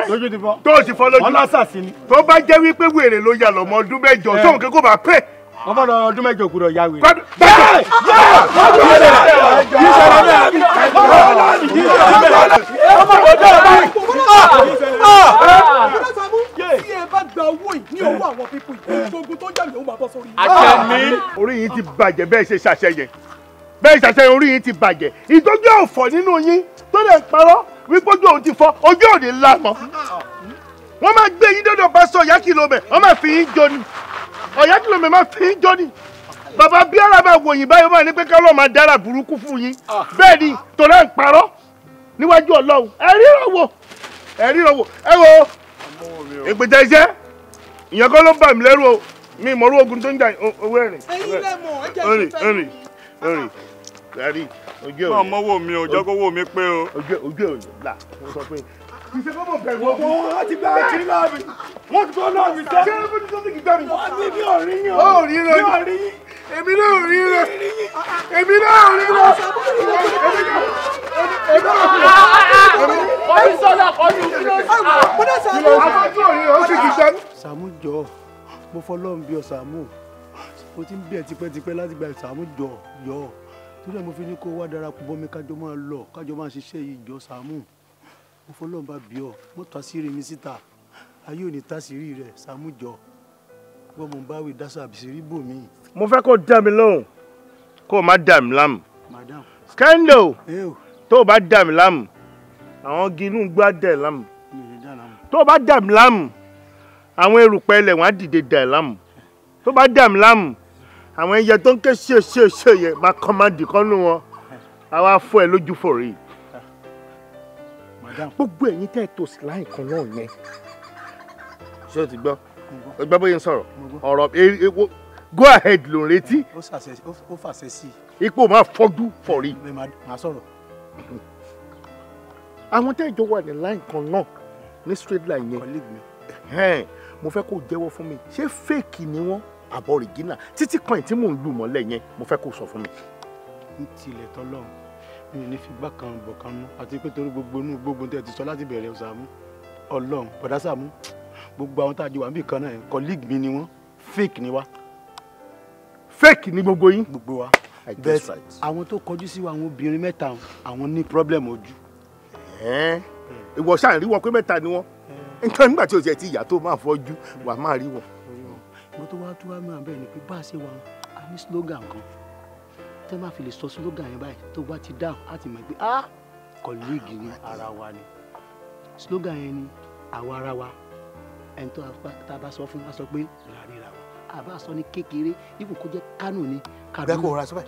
lójú ti fọ́ tó o ti fọ́ lójú wọn lásàsì ni. tó bá jẹ́ wípé wèrè ló yà lọ́mọ ọdún mẹ́jọ tó nǹkan kó bá pè. wọ́n fọ́n lọ ọdún mẹ́jọ kúrò ya wèrè. bẹ́ẹ̀ yóò ọdún mẹ́jọ yìí sọ̀rọ̀ náà yìí sọ̀rọ̀ náà yìí sọ̀rọ̀ náà ọmọ ọdún mẹ́jọ tí ẹ bá gba owó yìí ní owó àwọn pípọ̀ yìí gbogbo tó jà lóun máa bọ́ sórí. àṣẹmí. orí yìí ti bàjẹ́ bẹ́ẹ̀ ṣe ṣàṣẹyẹ bẹ́ẹ̀ ṣàṣẹyẹ orí yìí ti bàjẹ́ ìtọ́jú ọ̀fọ̀ nínú yín tó lè parọ́ wípé ojú òun ti fọ́ ojú òde ńlá mọ́ wọ́n máa gbé yín dọ́dọ̀ bá sọ ọ̀yá kìlómẹ̀ wọ́n máa fi yín jọ ni ọ̀yá kìlómẹ̀ máa fi yín jọ ni bàbá bíọ́lá máa wòyìn báyìí máa ní pé kálọ̀ máa dára burúkú fún yín bẹ́ẹ̀ ni tòun náà ń parọ́ níwájú ọlọ́run ẹ ríran wò ẹ ríran wò ẹ wo ìpèjà iṣẹ́ ìyẹn kọ́ ló ń bà mí lẹ́rù o mi ìmọ̀rú ogun tó ń jà owó ẹ̀rìn ẹ̀rìn ẹ̀rìn ẹ̀rìn rárí ojú ẹ̀ òní. máa mọ́wọ́ mi o jẹ́ kó wò mí pé o. ojú ẹ̀ ojú ẹ̀ òní là mo sọ pé. ìṣe kọ́ mọ̀ bẹ̀rù ọkọ̀ wọn ti gba kiri náà mi wọ́n ti tọ́ náà mi sọ. ṣé ẹbí tó ti gbà mí. wọ́n ti bí ọ̀rí yín o. ó rí rẹ ní ọ̀rí yín. èmi náà ò rí rẹ èmi náà ò rí rẹ. ọ̀rí sọ́dà ọ̀rí ìdílé. Sàámú jọ mo fọlọ́run bí ọ Sàámú mo ti ń bẹ̀ tipẹ́tipẹ́ láti gba Sàámú jọ yọ torí ẹ mo fi ní kó wá darapọ̀ bọ́ mi kájọ máa lọ kájọ máa ṣiṣẹ́ yìí jọ Sàámù mo fọlọ́n bá bí ọ mo ta sírí mi síta ayé ò ní ta sírí rẹ Sàámù jọ wọ́n mo bá wí dásà sírí bò mí. mo fẹ́ kó dá mi lóhùn kó o má dà mí láàmú. madam. scandal tó o bá dà mí láàmú àwọn gínú gbá dà ẹ́ láàmú tó o bá dà mí láàmú àwọn erùpẹ̀ ilẹ̀ wọn á dìde dà ẹ́ láàmú tó o bá dà mí láàmú àwọn ẹyẹ tó ń ké ṣe ṣe ṣe yẹ máa kọ́ máa dì kọ́nú wọn àwa fọ ẹ lójú fòrè yìí. gbogbo ẹ̀yin tẹ́ ẹ tó sí láì kan náà yẹn. ṣé o ti gbọ́ o gbọ́ bóyá ń sọ̀rọ̀ ọ̀rọ̀ go ahead ló ń retí. ó fàṣẹ sí i. ipò máa fọ́jú fòrè. màá sọ̀rọ̀. àwọn tẹ́ ìjọ wà ní láì kan náà ní straight line yẹn mo fẹ́ kó jẹ́wọ́ fún mi ṣé fake ni wọ́n àbọ̀ òrìgínà títí kan tí mò ń lù mọ́lẹ̀ yẹn mo fẹ́ kó sọ fún mi. ní tilẹ̀ tọ́lọ́ mi ò ní fi gbá kan bọ̀ kan mú àti pé torí gbogbo inú gbogbo tẹ́ ti sọ láti bẹ̀rẹ̀ Sàámú ọlọ́run bọ̀dá Sàámú gbogbo àwọn tá a jọ wà níbì kan náà colleague mi ni wọ́n fake ni wá. fake ni gbogbo yín. gbogbo wa bẹ́ẹ̀ àwọn tó kọjú sí wa àwọn obìnrin mẹ́ta àwọn ní problem ojú. ìwọ ṣáà ń rí wọn pé mẹ́ta ni wọn nǹkan nígbà tí o ti ẹ̀ ti yà tó máa fọ́jú wàá máa rí wọn mo tó wá tó wá mìíràn bẹ́ẹ̀ ni pé bá a ṣe wà á ní slogan kan tẹ́ máa fi lè sọ slogan yẹn báyìí tó bá ti dáhùn á mọ̀ pé ah kọ̀líìgì ni ara wa ni slogan yẹn ni àwa ara wa ẹni tó a bá sọ fún wa sọ pé ìràríra wa àbá sọ ní kékeré ibù kó jẹ́ kánò ni kàdúrà bẹ́ẹ̀ kò rà sọ́bẹ̀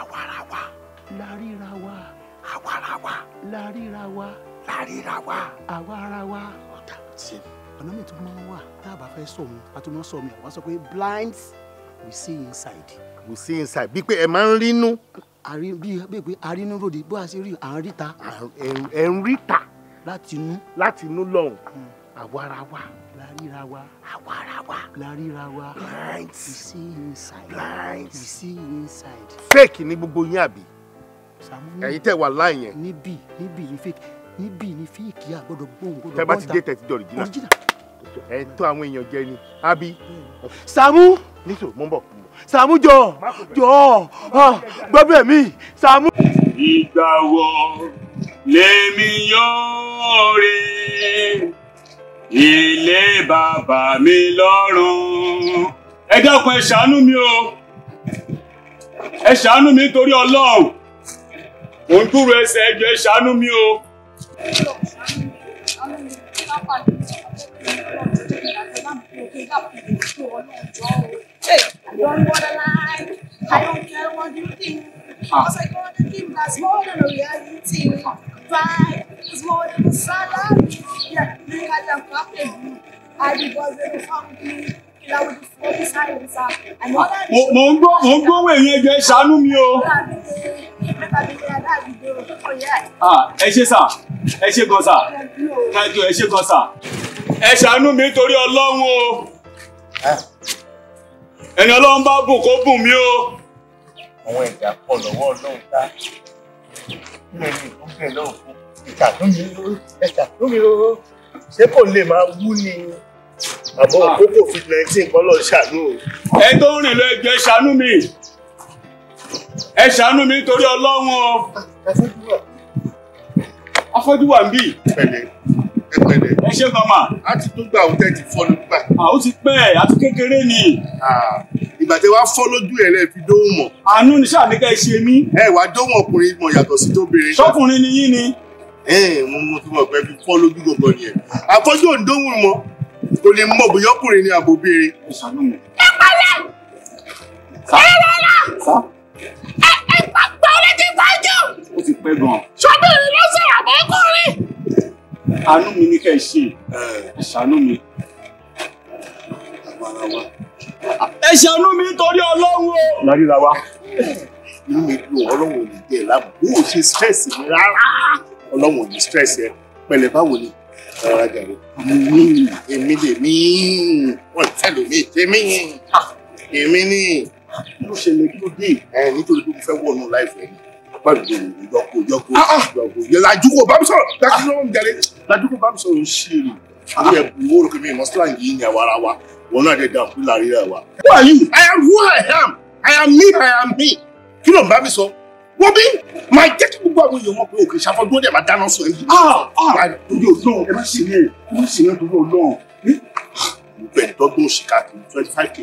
àwa ara wa láríra wa àwa ara wa láríra wa láríra wa àwa ara wa. ọ̀tá sí i ọ̀nà tó máa ń wà tá a bá fẹ́ sọ òun a tó máa ń sọ mi àwọn sọ pé blinds we see inside. we see inside bí pé ẹ máa ń rínú. àrí bí bẹ́ẹ̀ pé arínú ròde bó a ṣe rí à ń ríta. ẹ ń ríta. láti inú. láti inú lọ́hùn. Hmm. àwa ara wa. la ríra wa. àwa ara wa. la ríra wa. blinds we see inside. blinds we see inside. fake ni gbogbo yín àbí. ẹ̀yin tẹ̀ wà láàyè. níbí níbí yìí fake níbí ni fíìkì àgbọ̀dọ̀ gbóhùn gbọ́dọ̀ bọ́ta. tẹ́ bá ti dé tẹ̀sí di ọ̀ríjìnà ẹ̀ tó àwọn èèyàn jẹ ni àbí. Sàámú. nítorí mo ń bọ̀. Sàámú jọ jọ gbọ́dọ̀ mi Sàámú. ìgbà wo lèmi yóò rè ilé bàbá mi lọ́rùn ẹ dákun ẹ ṣàánú mi o ẹ ṣàánú mi torí Ọlọ́run mò ẹsẹ̀ ẹjọ́ ẹ ṣàánú mi o. Hey, I don't want to lie. I don't care what you think. Because I got a dream that's more than a reality. Pride is more than a salary. Yeah, look at them clapping. I because they don't me. mo ń gbọ́ mo ń gbọ́ wẹ̀ yẹn jẹ́ ṣàánú mi o. Oh, ẹ ṣe sà ẹ ṣe gan sà kájọ ẹ ṣe gan sà ẹ ṣàánú mi torí ọlọ́run o ẹni ọlọ́run bá bùn kó bùn mí o. àwọn ẹ̀dá pọ̀ lọ́wọ́ ọlọ́run ta nínú ẹni ìkúnfẹ́ lọ́hùn-ún ìkà tó mi ló ṣe kò lè máa wú ni àmọ́ òkókò fit nineteen kọ́ lọ ṣàánú. ẹ tó ń rìn lọ ẹgbẹ́ ṣàánú mi ẹ ṣàánú mi nítorí ọlọ́run o. afọ́jú wà ń bì. pẹ̀lẹ́ ẹ pẹ̀lẹ́. ẹ ṣe mama. a ti tún gba òun tẹ́tí fọ́ lójú gbà. àwọn ti pẹ́ àti kékeré ni. ìgbà tí wàá fọ́ lójú ẹ̀ rẹ̀ fi dóhùn mọ̀. àánú ni sáà ní ká ẹ ṣe mí. ẹ wàá dóhùn ọkùnrin mọ̀ yàtọ̀ sí tóbìnrin. sọkùnrin ni yín ni. ẹ mo mọ tí mo pẹ́ fi fọ́ lójú gbọ̀ngàn yẹn àfọ́jú òǹdóhùn kò lè mọ̀ bóyá ọkùnrin ni àbò béèrè. ẹ pẹ̀lẹ́ ẹ rọra ẹ ẹ pàpà orí ti fájú. ó ti pẹ́ gan. sọ́bìnrin ló sọ̀rọ̀ àbọ̀ ọkùnrin. àánú mi ni kẹ́ ẹ ṣe ẹ ṣàánú mi. ẹ ṣàánú mi nítorí ọlọ́run o. láríra wa inú mi dùn ọlọ́run ò ní dẹ̀ lábò ó ṣe stress mi rárá ọlọ́run ò ní stress ẹ pẹ̀lẹ́ báwo ni rárá jàre èmi wọn tẹlẹ mi èmi èmi ni mo ṣe lè tó dé nítorí pé mo fẹ́ wọnú láìpẹ́ gbàdúgbò ìjọkò ìjọkò ìjọkò ah, ah. ìlàjúkò bá mi sọ̀rọ̀ láti lọ́wọ́ mi jáde bá mi sọ̀rọ̀ ń ṣe rè àwọn ẹ̀bùn owó rẹ̀ mi mọ́sálà yìí ni àwa ara wa wọn náà dẹ̀ dàpọ̀ láàrin rẹ̀ wa. who are you? I am who I am. I am me. I am me. kí ló ń bá mi sọ? wọ́n bí máa jẹ́ kí gbogbo àwọn èèyàn mọ̀ pé òkè ṣàfọ́jú ó dẹ̀ máa dáná sọ ẹbí. Ah, ah. torí ọlọ́run ẹ má ṣe ní ẹ má ṣe ní torí ọlọ́run mo bẹ̀rẹ̀ dọ́gbọ́n òṣìkà twenty five k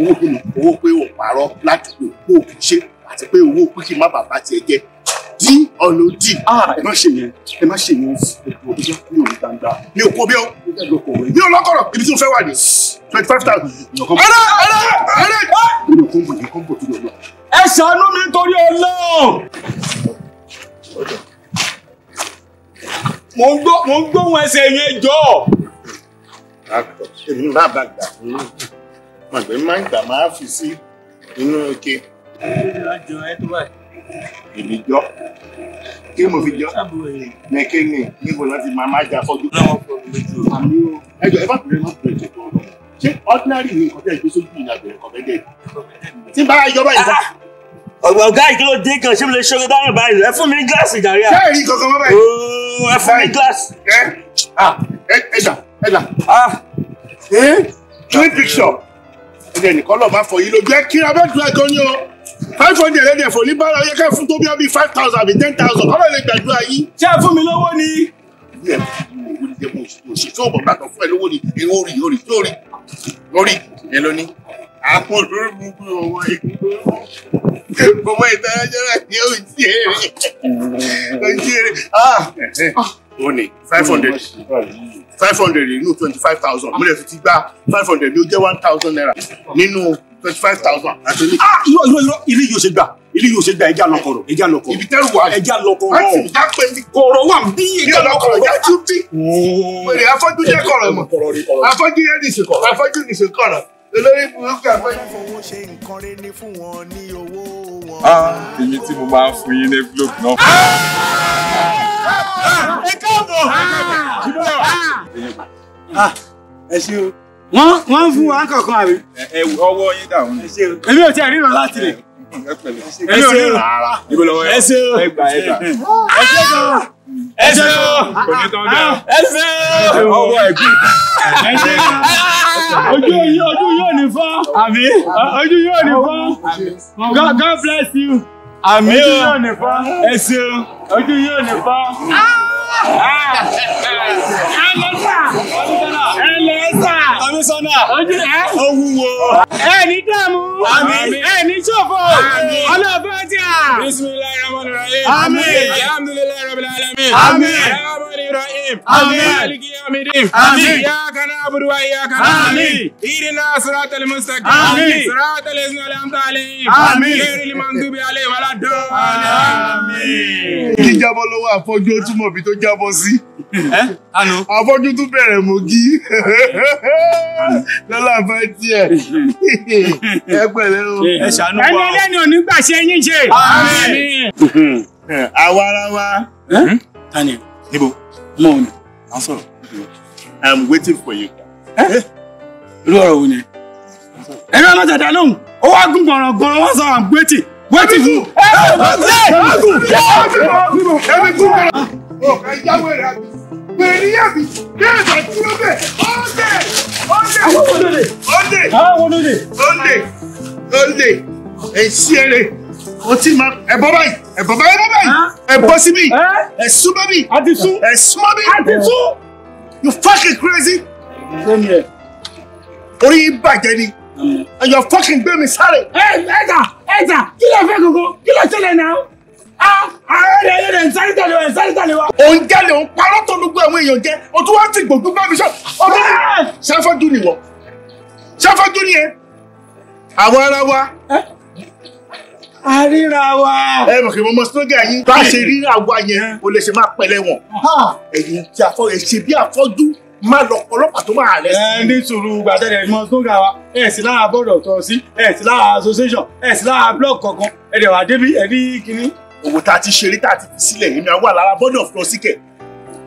owó pé owó pé òun pààrọ̀ ládùúgbò pé òkè ṣe àti pé owó pé kí n má bàbá tiẹ̀ jẹ́ dí ọ̀nà òdì ah, ẹ má ṣe yẹn ẹ má ṣe yẹn ẹ̀kọ́ ọ̀dọ́ mi ò gbangba mi ò kọ bí ó mi ò lọ́kọ̀rọ̀ ibi tí mo fẹ́ wà ní twenty five thousand. ẹ̀rẹ́ ẹ̀rẹ́ ẹ̀rẹ́ mi ò kọ́ńbọ̀ mi ò kọ́ńbọ̀ tó lọ́wọ́. ẹ ṣàánú mi nítorí Ọlọ́run. mo ń gbọ́ mo ń gbóhùn ẹsẹ̀ yẹn jọ. èmi náà bá gbà fún mi màgbé má gbà má fi sí inú ike. ẹ ẹ lọ jọ ẹ tó báyìí èmi jọ kí mo fi jọ ní kéne níbo láti máa má jà fọdún. àmì o ẹjọ ẹ bá bẹ̀rẹ̀ má bẹ̀rẹ̀ tó tọrọ ṣé ordinary ni nǹkan tẹ ẹ gbé sójú ìyàgbẹ recommended tí bá yọba ìta. ọ̀gá yìí kí ló dé kan ṣé mo lè ṣeré dáhùn báyìí ẹ fún mi ní gíláàsì ìjàre à. ṣé èyí kankan wọ́n báyìí. ooo ẹ fún mi ní gíláàsì. ẹ ẹ ẹ gbà ẹ gbà. ẹ clean picture. ẹ jẹ́ nìkan lọ́ọ́ máa fọ yìí lójú ẹ kí abẹ́dùn ẹ̀gọ́ ni o five hundred ẹ̀dẹ̀ fò ní bára yẹ ká fún tó bí àbí five thousand àbí ten thousand ọlọ́run lè gbàdúrà yín. ṣé ẹ fún mi lówó ni. mo ṣe tó bọ̀ gbàgbọ́ fún ẹ lówó ni èwo rí orí tó rí orí yẹn ló ní. àpò òdòdó gbogbo ọwọ́ gbogbo ìtarajọ́ra ni ó ti èrè ó ti èrè ah ó ní five hundred five hundred nínú twenty five thousand mílẹ̀ tó ti gbá five hundred ló jẹ́ one thousand naira nínú twenty five thousand. ah irọ́ irọ́ irọ́ ilé yóò ṣe gbà ilé yóò ṣe gbà ẹja lọkọrọ ẹja lọkọrọ ibi tẹ́lu wa ẹja lọkọrọ kọrọ wa bí ẹja lọkọrọ ẹja tún bí. wèrè afọ́jú jẹ́ kọ̀rọ̀ mọ̀ afọ́jú yẹn ní ìsìnkọ̀rọ̀ afọ́jú ní ìsìnkọ̀rọ̀ olórí burúkú afọ́jú. ah èmi tí mo máa ń fún yín ní envelope náà. ẹ káàbọ̀ ẹ ṣe o wọ́n wọ́n fún wa kankan àbí. ẹ ọwọ́ yín dà wọ́n. èmi ò tí ẹ ríran láti rè. ẹ ṣe o ẹ ṣe o ẹ gbà ẹ gbà. ẹ ṣe o ẹ ṣe o ẹ ṣe o ọwọ́ ẹ̀gbìn. ẹ ṣe o ojú yóò ojú yóò ní fọ́. àbí ojú yóò ní fọ́. God God bless you. àmì o ojú yóò ní fọ́. ẹ ṣe o ojú yóò ní fọ́. Ah. Ah. ẹ lọ sà ẹ lọ sà kọmíṣánná ó wúwo. ẹni dààmú ẹni ṣòfò ọlọ́fẹ́ tí a. bisimilayi rahman rahim. àmín. alhamdulilayi rabbil alamin. àmín. rahim. àmín. maliki yamidin. àmín. iyaka na'budu wa iyaka nasta'in. ihdina siratal mustaqim. àmín. siratal ladzina an'amta alaihim. àmín. ghayril maghdubi alaihim waladdallin. àmín. jíjábọ́ lọ́wọ́ àfọ́jú ó túmọ̀ bí tó jábọ́ sí àná. afọ́jú tún bẹ̀rẹ̀ mọ́gí lọ́la fẹ́ tiẹ̀ ẹ pẹ̀lẹ́ o. ẹ ṣàánú wa ẹni ẹlẹ́ni ò ní gbà ṣe yín ṣe. àwa ara wa. tani níbo mọ òní à ń sọ̀rọ̀ i am waiting for you. irú ọ̀rọ̀ wo ni ẹ̀rọ ọlọ́jàdá lóhùn ó wá gún gbọ̀nràn gbọ̀nràn wọ́n sọ i'm waiting waiting fún. ẹ̀rọ ọlọ́jàdá lóhùn ó wá gún gbọ̀nràn gbọ̀nràn wọ́n sọ i'm waiting pèrè yàbí kéèdè dúró bẹ ọdẹ ọdẹ ọdẹ ọdẹ ọdẹ ọdẹ ọdẹ èsì ẹrẹ ọtí ma ẹbọ báyìí ẹbọ báyìí ẹbọ báyìí ẹbọ sí mi ẹsùn bá mi àtisún ẹsùn bá you fucking crazy orí bàjẹ́ ni and you fucking gbé mi sáré. ẹ ẹ jà ẹ jà kí ló fẹ́ gbogbo kí ló ṣẹlẹ̀ náà òun jalè òun parọ́ tó ló gbé àwọn èèyàn jẹ o tún wá ti gbògbó bá mi sọ ọdún ṣáfọ́jú nìwọ ṣáfọ́jú ni ẹ àwọn ara wa àríra wa. ẹ mọ̀ kí mo mọ slogan yín. bá a ṣe rí àwa yẹn o lè ṣe máa pẹ̀lẹ́ wọn. ẹ̀yin tí a fọ ẹ̀ṣẹ̀ bí afọ́jú máa lọ ọlọ́pàá tó máa rẹ̀. ẹ ní sùúrù gbàtẹ́rẹ̀ mọ slogan wa ẹ sì lára bọ́ọ̀dù ọ̀tọ̀ sí ẹ sì lára association ẹ sì lára blog kankan ẹ dẹ̀ wá débi ẹ ní kínní owó tá a ti ṣeré tá a ti fi sílẹ̀ yìí máa wà lára board of trustee kẹ̀.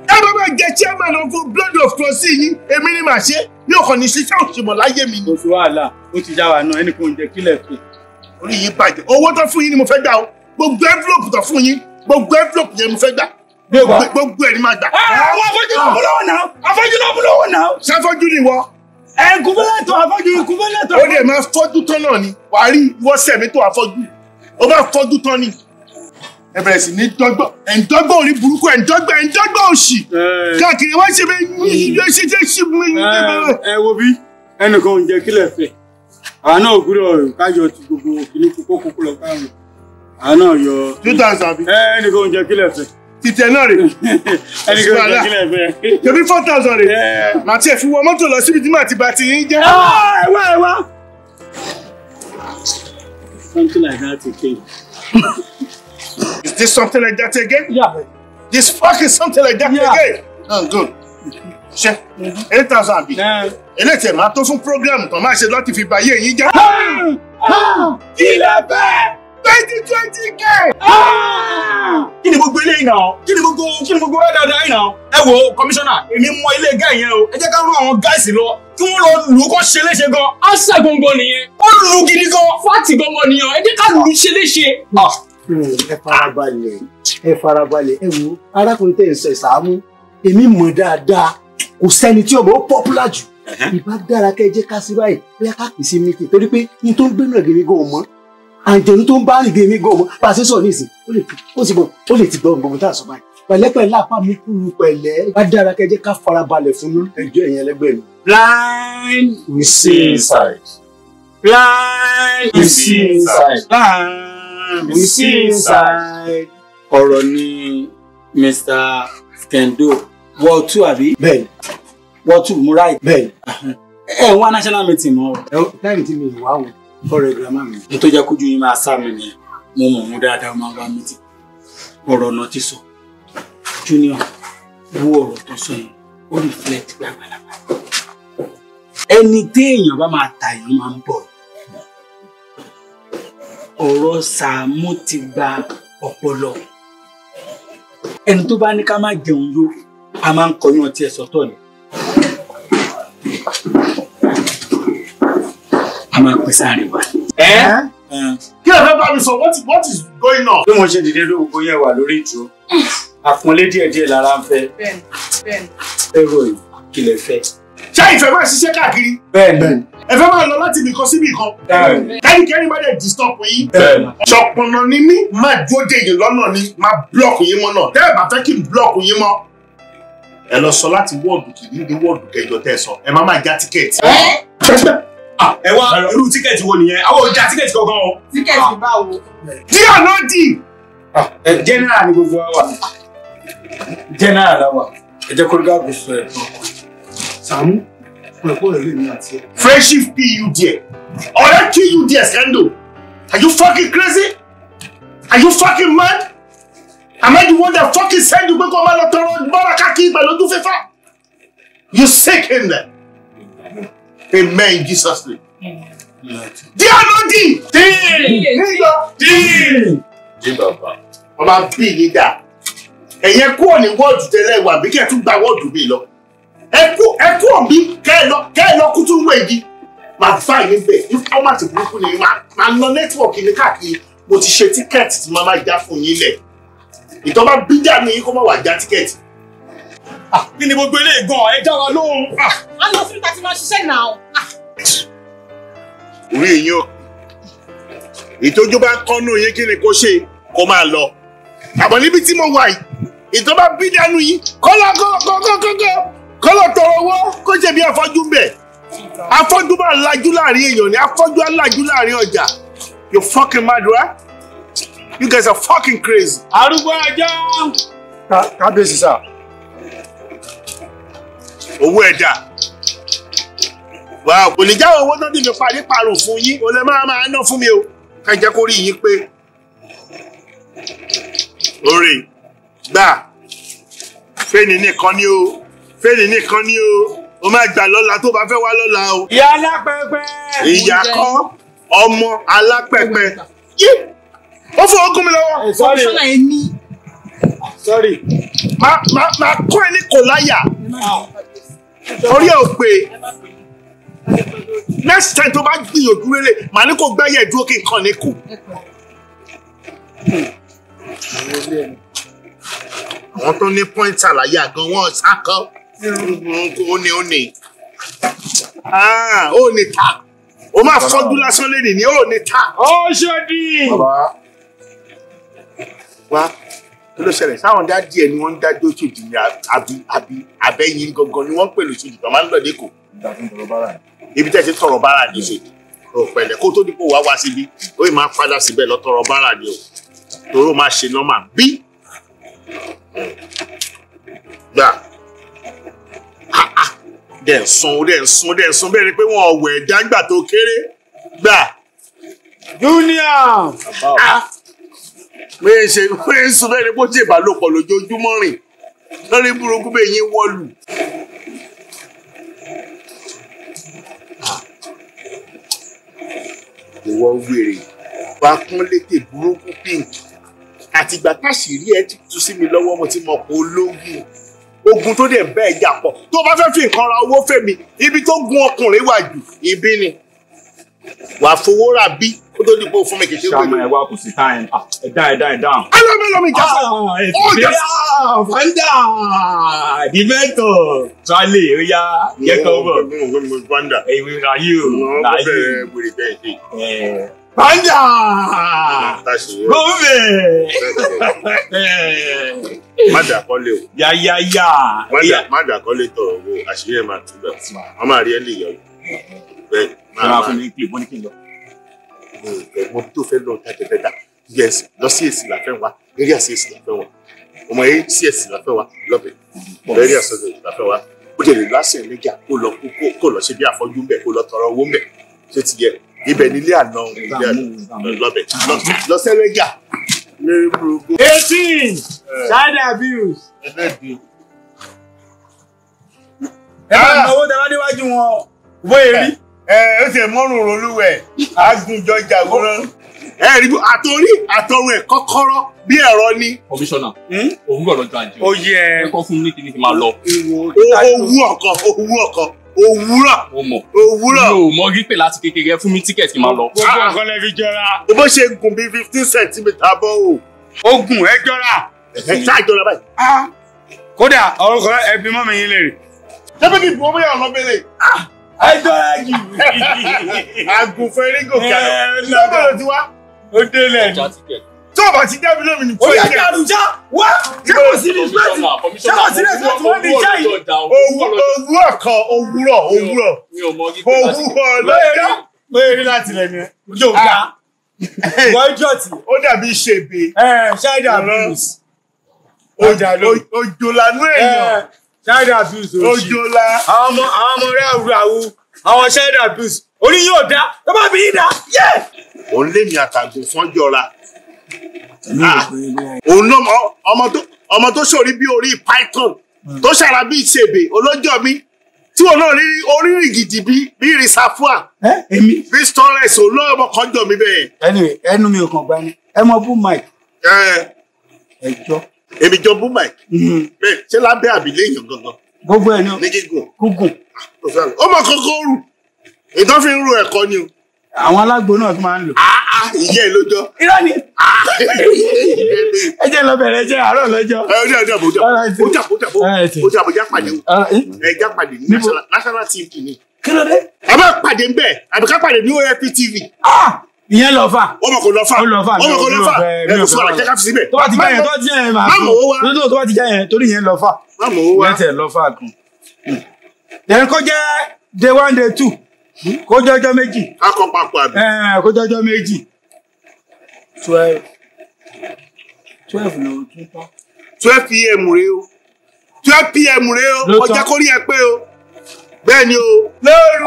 ẹ bá bá jẹ chairman of board of trustee yìí èmi ni màá ṣe ní ọkàn ní ṣiṣẹ́ òṣèmọ̀ láyé mi. kò sí wàhálà ó ti já wa náà ẹnì kan ò jẹ kílẹ̀ fún. orí yìí bàjẹ́ owó tó fún yín ni mo fẹ́ gbà o gbogbo envelope tó fún yín gbogbo envelope yẹn mo fẹ́ gbà gbogbo ẹ̀ ni máa gbà. Ah, àwọn afọ́jú náà búlọ́wọ́ náà afọ́jú náà búlọ́wọ́ náà. ṣàfọ́jú ni wọ́n. ẹ kúbẹ́lẹ́tọ̀ afọ́jú kúbẹ́lẹ́tọ̀. ó lè máa fọ́jú tán náà ni wàá rí wọ́sẹ̀ mi tó afọ́jú ó máa fọ́jú ẹ bẹ̀rẹ̀ sí ní dọ́gbọ́n orí burúkú ẹ̀ńdọ́gbọ́n ẹ̀ńdọ́gbọ́n òṣì káàkiri wọ́n ṣe bẹ́ẹ̀ ṣe ṣe ṣe mú mi. ẹ wo bí ẹnìkan ò ń jẹ kílẹ̀ fẹ́ àwọn náà gbúdọ̀ kájọ ti gbogbo kìnnì kókó kókó lọ káàrún àwọn náà yọ. two thousand ẹnìkan ò ń jẹ kílẹ̀ fẹ́. títẹ náà rè ẹnìkan ò ń jẹ kílẹ̀ fẹ́. tẹbí four thousand rè màá tiẹ̀ fi wọ mọ́tò lọ síbi tí màá bá ti yín jẹ́. ẹ wá something like that again. Is this something like that again? Yeah. This fuck is something like that yeah. again? Oh, good. Ṣé eight thousand bi? Eléyìí máa tó fún program kan máa ṣe láti fi bá yé yín jẹ́. Kí lẹ bẹ́ẹ̀? Twenty twenty k. Kí ni gbogbo eléyìí náà? Kí ni gbogbo kí ni gbogbo rẹ́dà dáa yìí náà? Ẹ wo kọmíṣánná, èmi mọ ilé gáà yẹn o. Ẹ jẹ́ ká rán àwọn gáàsì lọ kí wọ́n lọ lù ú kó ṣe léṣe gan. Àṣà gbọ̀ngàn nìyẹn. Ó lù ú gidi gan. Fáàtì gbọ̀ngàn nìyẹn. Ẹ jẹ́ ká lù ú ṣe léṣe. Ah ẹ farabalẹ̀ ẹ farabalẹ̀ ẹ wo arákùnrin tẹ̀ ń sọ ìsàmú èmi mọ̀ dáadáa kò sẹ́ni tí ọmọ ó pọ́pùlà jù ìbá dára kẹ́ ẹ jẹ́ ká sí báyìí bóyá ká pèsè mi kì torí pé n tó ń gbé náà gèmi mọ́ àjẹ̀nu tó ń bá rìn gèmi mọ́ bá a ṣe sọ ní ó lè ti gbọ́n gbọ́n tá a sọ báyìí pẹ̀lẹ́pẹ̀lẹ́ lápá mi kúrú pẹ̀lẹ́ bá dára kẹ́ ẹ farabalẹ̀ fún ẹjọ́ ẹ̀yìn ẹlẹ́gbẹ́ mi. blind we see inside blind we see inside we see inside. ọ̀rọ̀ ni Mr. Kendo World Two àbí. bẹ́ẹ̀ni World Two mú ráì. bẹ́ẹ̀ni. ẹ wá national meeting mọ́. ẹ táyì tí mi wá o kọ́rọ̀ girama mi. mo tó jẹ́ kójú yín máa sá mi nìyẹn mo mọ̀ ọ́n dáadáa máa wá meeting ọ̀rọ̀ náà ti sọ junior wo ọ̀rọ̀ tó sọ yẹn ó reflect gbàgbàlagbà ẹni téèyàn bá máa ta èèyàn máa ń bọ̀ ọ̀rọ̀ Sàámú ti gba ọpọlọ ẹni tó bá ní ká má jẹun yó a máa ń kọyún ọtí ẹ̀ sọ́tọ̀ ni a máa pèsè àárín wa. kí ọ̀dọ́ bá mi sọ what is going on. bí mo ṣe dìde lóògùn yẹn wà lórí ìdúró mm. àpọ́nlé díẹ̀díẹ̀ lára ń fẹ́ ẹ̀rọ ìkìlẹ̀ fẹ́ ṣé ìfẹ́ máa ṣiṣẹ́ káàkiri. bẹ́ẹ̀ni. ẹ fẹ́ máa lọ láti ibìkan sí ibìkan. kẹ́nikẹ́ni má dẹ̀ disturb yín. ṣọ̀pọ̀nà ni mí máa dúró dé yín lọ́nà ni máa block yín mọ́ náà tẹ́lẹ̀ bá fẹ́ kí n block yín mọ́. ẹ lọ sọ láti wọ́ọ̀dù kìíní dé wọ́ọ̀dù kẹjọ tẹ́ sọ ẹ má máa já tíkẹ́ẹ̀tì. ẹ wá irú tíkẹ́ẹ̀tì wo nìyẹn àwọn ò já tíkẹ́ẹ̀tì kankan o. tíkẹ́ẹ̀tì báwo. díà náà dì. general ni gbogbo wa general la wà ẹ jẹ́ kó gáàbù sọ ẹ̀ Sàámú fún ẹ̀kọ́ rẹ̀ lèmi àti ẹ̀. friendship pud ẹ̀ ọ̀rẹ́ kud scandal are you fucking crazy are you fucking mad am I the one that fucking send you pé kó o máa lọ tọrọ bọ́ra káàkiri pẹ̀lú ojú fífá you sick in there amen in Jesus name. di anodi di níyọ di di Baba, ọba bí yìí dá ẹ̀yẹ kúrò ní wọ́ọ̀dù tẹ́lẹ̀ wà bí kẹ́ẹ̀ tún gba wọ́ọ̀dù mi lọ ẹkú ẹkú ọ̀bí kẹ́ẹ̀lọ kẹ́ẹ̀lọ kútú wọ èyí màá fà yín bẹ̀ ọmọ àti burúkú ni màá lọ nẹ́tíwọ̀kì ní káàkiri mo ti ṣe tíkẹ́ẹ̀tì tí màá máa já fún yín lẹ̀ ìtọ́ba bíjà ni yín kó má wà já tíkẹ́ẹ̀tì. Ah, kí ni gbogbo eléyìí gan ẹ já wa lóhùn. Ah. a lọ sí nípa tí máa ṣiṣẹ́ náà. Ah. orí yín o ìtọ́jú bá kọ́nú yín kí ni kó ṣe kó máa lọ àmọ́ níbi tí mo wà yìí ìtọ́ba bíjà nu yín kọ́lá kọ́kọ́kọ́kọ́ kọ́lọ̀ tọrọ owó kó ṣe bí afọ́jú ń bá lajú láàrin èèyàn ni afọ́jú á láàrin ọjà you fucking mad right you guys are fucking crazy. arúgbó ajá. kábíyèsí sá. owó ẹ̀dá wàá kò lè jáwọ́ owó náà níbi parí parùn fún yín o lè máa máa ná fún mi o ká jẹ́ kó rí yín pé orí gbà fẹ́ni nìkan ni o bẹ́ẹ̀ nìkan ni o o máa gbà lọ́la tó bá fẹ́ wá lọ́la o. ìyá alápẹ̀pẹ̀. ìyá kọ́ ọmọ alápẹ̀pẹ̀. ó fọ ọkùn mi lọ́wọ́. sọ́ọ́rì sọ́ọ́rì. màá kọ́ ẹ ní kò orí ẹ̀ ò pé next time tó bá gbìyànjú rere màá ní kò gbẹ́yẹ̀ dúró kí n kàn ní kù. àwọn tó ní pọ́ńtà láyà gan-an wọ́n sá kọ́ ó ní ó ní ó ah, ní ta ó máa fọ́jú lásán lè ní ó ní ta. ó ṣòdì. wá kí ló ṣẹlẹ̀ sáwọn dá díẹ̀ ni wọ́n ń dájọ́ ṣòdì ní àbí àbí abẹ́yìn gangan ni wọ́n ń pèlú ṣòdì tó máa ń lọ lẹ́kọ̀ọ́. ibi tẹ́ ti tọrọ bára ní ṣòdì o pẹ̀lẹ́ kó tó dípò wá wá síbi ó yìí máa padà síbẹ̀ lọ tọrọ bára ni o tòró máa ṣe nọ́mà bí dẹ̀ ń sun dẹ̀ ń sun dẹ̀ ń sun bẹ́ẹ̀ ni pé wọ́n ọ̀wẹ̀ ẹ̀dá gbà tó kéré gbà. Junior pé ah. ṣe pé ń sun bẹ́ẹ̀ ni bó ṣe ìbálòpọ̀ lójoojúmọ́ rìn lórí burúkú bẹ́ẹ̀ yín wọ́lù. Ah. ìwọ wèrè wàá kún létè burúkú pink àtìgbà táṣìírí ẹ ti tú sí mi lọ́wọ́ mo ti mọ̀ pé ológun ogun tó dẹ̀ bẹ́ẹ̀ jà pọ̀ tó bá fẹ́ fi nǹkan ra owó fèmí ibi tó gun ọkùnrin wà jù ibi ni wà fowó rà bí kó tó dìbò fún mi kì í ṣe wọlé. ṣàmì ẹwà kò sí táyìn ah, ẹdá ẹdá ẹdá. alámẹ́lọ́mì jà sọ. fanda dimento trale oya yẹkọ bọ. fanda ẹ̀yin ayé o ayé o panja gombe má dà kọ́lé o yáyáyá má dà kọ́lé tọ̀ owó àṣírí ẹ̀ máa túbọ̀ wọ́n máa rí ẹ́ lè yọ bẹ́ẹ̀ máa fún mi ní kílè wọ́n ní kí n lọ. ẹ̀gbọ́n tó fẹ́ lọ ta tẹ̀tẹ̀ dà yẹsì lọ sí èsì làfẹ́ wa eré àṣẹ èsì làfẹ́ wa ọmọ eré sí èsì làfẹ́ wa lọ́bẹ̀ eré àṣẹ làfẹ́ wa ó jẹ̀lẹ̀ lásìkò níjà kó lọ sí bí àfọ́jú ń kó lọ tọrọ owó ń ṣé ti yẹ ibẹ̀ nílé àná lọ́bẹ̀ lọ́sẹ̀rẹ́gà lórí eighteen eh. child abuse. ẹ bá náwó tẹ bá déwájú wọn bóyá rí. ẹ eh, ẹ eh, ó mọ́rùn rolúwẹ̀ agunjọjà wúrán ẹ rí bó àtọrí àtọrun ẹ kọ́kọ́rọ́ bí ẹ̀rọ ni. kọmíṣánná hmm? òun gbọ́dọ̀ jọ àjẹ. ó ẹ kọ fún mi kí ni kí máa lọ. owó ọkọ owó ọkọ òwúrọ̀ òwúrọ̀ yóò mọ rí pé láti kékeré fún mi tíkẹ̀tì kí n máa lọ. gbogbo ah. nǹkan lè fi jọra. o bó ṣe gùn bíi fifteen centimetre bọ́ o. o gùn ẹ jọra. ẹ ṣá jọra báyìí. Ah. kódà ọ̀rọ̀ kan ẹbí mọ́ mi yín lè rè. jẹ́pẹ́ kí ìbùwọ́ bóyá ọ̀nà bẹ̀rẹ̀. ẹ jọra jù. àgùnfẹ́rẹ́gò kàlọ́. ẹ lọ́dọ̀ tí wá. ó délẹ̀ ni tí o bá ti dá mi lómi ní kó ìjẹ. orí ẹja àlùjá wá ṣé kò sí ní fúlẹ́tì ṣé kò sí ní fúlẹ́tì wọ́n ní ìjà yìí. òwúrọ̀ kan òwúrọ̀ òwúrọ̀ òwúrọ̀ lọ́yẹ̀rẹ́ lọ́yẹ̀rẹ́ láti rẹ̀ ni yóò dá wọ́jọ́tì. ó dàbí ṣèbè. ṣáìdà abuse. òjòlá nú èèyàn. ṣáìdà abuse òjì. òjòlá. àwọn ọmọ àwọn ọmọ rẹ àwùràwù àwọn ṣáìdà abuse orí yóò dá tó bá fi yí dá. òun lèmi àtàgùn fọ́njọ́ra Ah! òun náà ọmọ tó ṣòrí bí orí python hmm. tó ṣàrà bí ìṣèbè olójọ́ mi tí wọn náà rírí orírì gidi bí bí risafua bí stores òun náà kan jọ mi bẹ́ẹ̀. ẹnu mi ò kàn gbá ẹ mọ bú mike. ẹ jọ. èmi jọ bú mike. Hmm. bẹ́ẹ̀ ṣé lábẹ́ àbílẹ̀ èèyàn gangan. gbogbo ẹ̀ ni gígùn. gígùn. Ah, ó mọ kókó rù ìtọ́fin rú ẹ̀kọ́ ni o àwọn alágbo náà tún máa ń lò. Ah, ah, ìyá ẹ lójọ. irọ́ ni ah. ẹ jẹ́ lọ bẹ̀rẹ̀ jẹ́ àárọ̀ lọ́jọ́. ẹ ọjọ́ ọjọ́ bó jà bó jà bó jà bó jà pàdé eh? ẹ já pàdé ní national team kìíní. kí ló dé. ẹ bá pàdé ń bẹ̀ àbí ká pàdé ní OFP TV ìyẹn lọ fà. ọmọ kò lọ fà ọmọ kò lọ fà ẹnu fún àlàjẹ ká fi síbẹ̀. tó bá ti jẹ́ yẹn tó bá ti jẹ́ yẹn máa fún un tó bá ti jẹ́ yẹn torí yẹn lọ fà. yẹn tẹ̀ lọ fà kan. then kó jẹ́ day one day two kó jọjọ méjì. akọ papọ̀ àbí. kó jọjọ méjì. twelve twelve ló tún tán. twelve pm rè o twelve pm rè o ọjà kórè ẹ pé o bẹ́ẹ̀ ni o lóru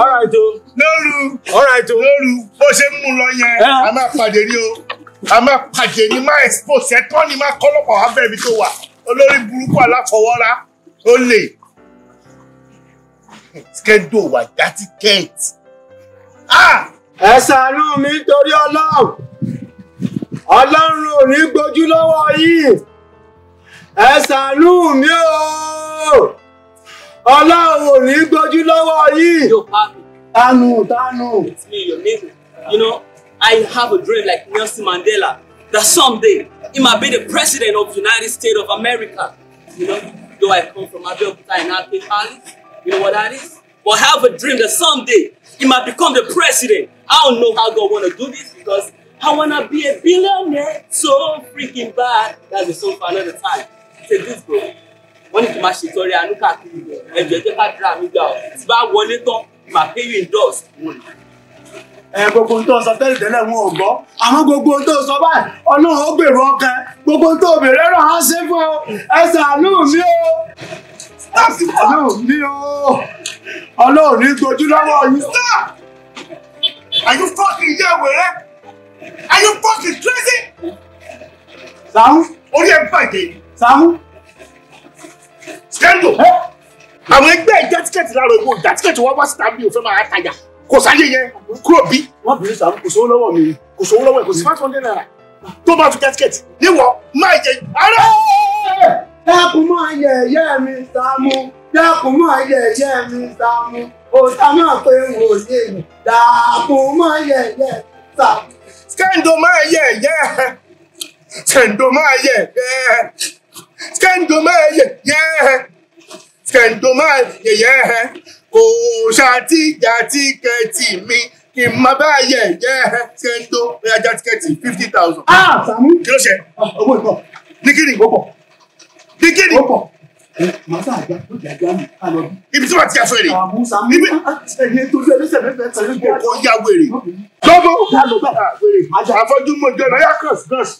lóru lóru bó ṣe ń mú lọ yẹn a máa pàdé ní o a máa pàdé ní máa expose ẹ tán ni máa kọ́ lọ́pàá wá bẹ́ẹ̀ bí tó wà olórí burúkú aláfọwọ́rá ó lè skendo wà dá tíkẹ́ẹ̀tì ẹ ṣàánú mi nítorí ọlọ́run ọlọ́run ò ní gbójú lọ́wọ́ yìí ẹ ṣàánú mi o ọlọ́run ò ní gbójú lọ́wọ́ yìí tanu tanu. it's me your neighbor you know i have a dream like nelson mandela that someday he might be the president of the united states of america you know though i come from abeokuta in ape palace you know what that is but have a dream that someday he might become the president. I don't know how God want to do this because I want to be a billionaire so freaking bad. That's the song for another time. Say this, bro. Wọ́n ní kí n máa ṣètọrẹ àánú káàkiri rẹ̀. Ẹ̀jọ̀ ẹ̀jẹ̀ ká dra mi gbà ọ́. Tí bá wọlé tán, màá pay you in doors. Gbogbo ohun tó ń sọ tẹ́lẹ̀ tẹ́lẹ̀ wọn ò gbọ́. Àmọ́ gbogbo ohun tó ń sọ báyìí, Ọlọ́run ó gbèrò ọkàn. Gbogbo ohun tó bèrè ràn á ṣe fún ọ. Ẹ ṣàánú mi o. Ẹ ṣàánú mi o ọlọ́run ní gbojú lọ́wọ́ yìí sá. Are you fucking yẹ wẹrẹ? Are you fucking crazy? Sàmú. Orí ẹ bàjẹ́. Sàmú. Scandal. Àwọn ẹgbẹ́ ẹ̀ já tíkẹ́ẹ̀tì láàárọ̀ ìwọ ìjà tíkẹ́ẹ̀tì wọ́n wá síta bí o fẹ́ máa tajà. Kò sáyé yẹn, kúrò bí. Wọ́n bìrì Sàmú kò sówó lọ́wọ́ mi, kò sówó lọ́wọ́ ẹ̀ kò sí five hundred naira. Tó bá tún já tíkẹ́ẹ̀tì, níwọ̀ máa jẹ ara. Ẹ kò máa yẹ̀yẹ́ mi, Sàmú dákun mọ́ yẹ̀yẹ́ mi Sàámú òòtá máa pé wò lè mí dákun mọ́ yẹ̀yẹ́ Sàámú. Kẹ́ńdò máa yẹ̀yẹ́ Kẹ́ńdò máa yẹ̀yẹ́ Kẹ́ńdò máa yẹ̀yẹ́ Kẹ́ńdò máa yẹ̀yẹ́ kò ṣàtìjà tíkẹ́ẹ̀tì mi kì í máa bá yẹ̀yẹ́ Kẹ́ńdò bóyá já tíkẹ́ẹ̀tì fifty thousand. Ah, Sàámú kí ló ṣe ah, owó ìbọn ní ni ìbọn pọ̀ ní ni ìbọn pọ̀ màsà àjà ó di àjà mi á lọ bí. ibi tí wàá ti aṣọ èrè. ibi ẹyẹ tó lé lẹsẹ lẹsẹ tẹlẹ gbọ. kò ya wèrè. lọ́dọ̀ àfọ́jú mọ̀ jẹ́ náà yà kọ́s kọ́s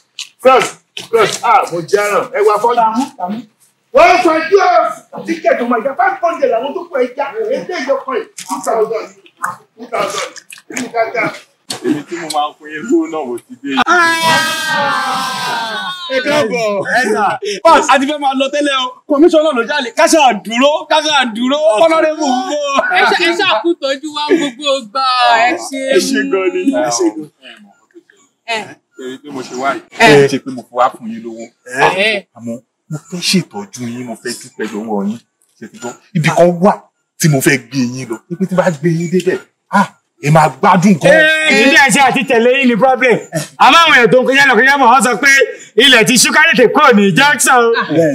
kọ́s kọ́s à mo jẹ́ràn ẹ wà fọ́jú. wọ́n fọ ẹjọ́ tíkẹ́ẹ̀tì ọmọ ìjà five hundred àwọn tó kọ ẹja ẹgbẹ́ ìjọkọ̀ ẹ̀ two thousand two thousand two thousand èmi tí mo máa ń pín owó náà wò ti dé yìí. ẹ káàbọ̀ pass àti fẹ́ máa lọ tẹ́lẹ̀ o kọmíṣánná ló jáde káṣá dúró káṣá dúró ọlọ́dẹ́bù ń bọ̀. ẹ ṣàkóso wa gbogbo gbà ẹ ah, ṣe. ẹ ṣe gan ni ẹ ṣe gan. ṣe pé mo ṣe wá yìí ṣe pé mo fi wá fún yín lówó ah, àmọ́ mo fẹ́ ṣètọ́jú yín mo fẹ́ dúpẹ́ lọ́wọ́ yín ṣe ti gbọ́ ibì kan wà tí mo fẹ́ gbé yín lọ pé tí bá gbé yín débẹ̀ ah èmi àgbádùn kan. ìdílé ẹ̀ṣẹ̀ àti tẹ̀lé yìí ni problem àmọ́ àwọn èèyàn tó ń kọjá lọ kọjá bọ̀ wọ́n sọ pé ilẹ̀ ti ṣúká lè kó ní Jackson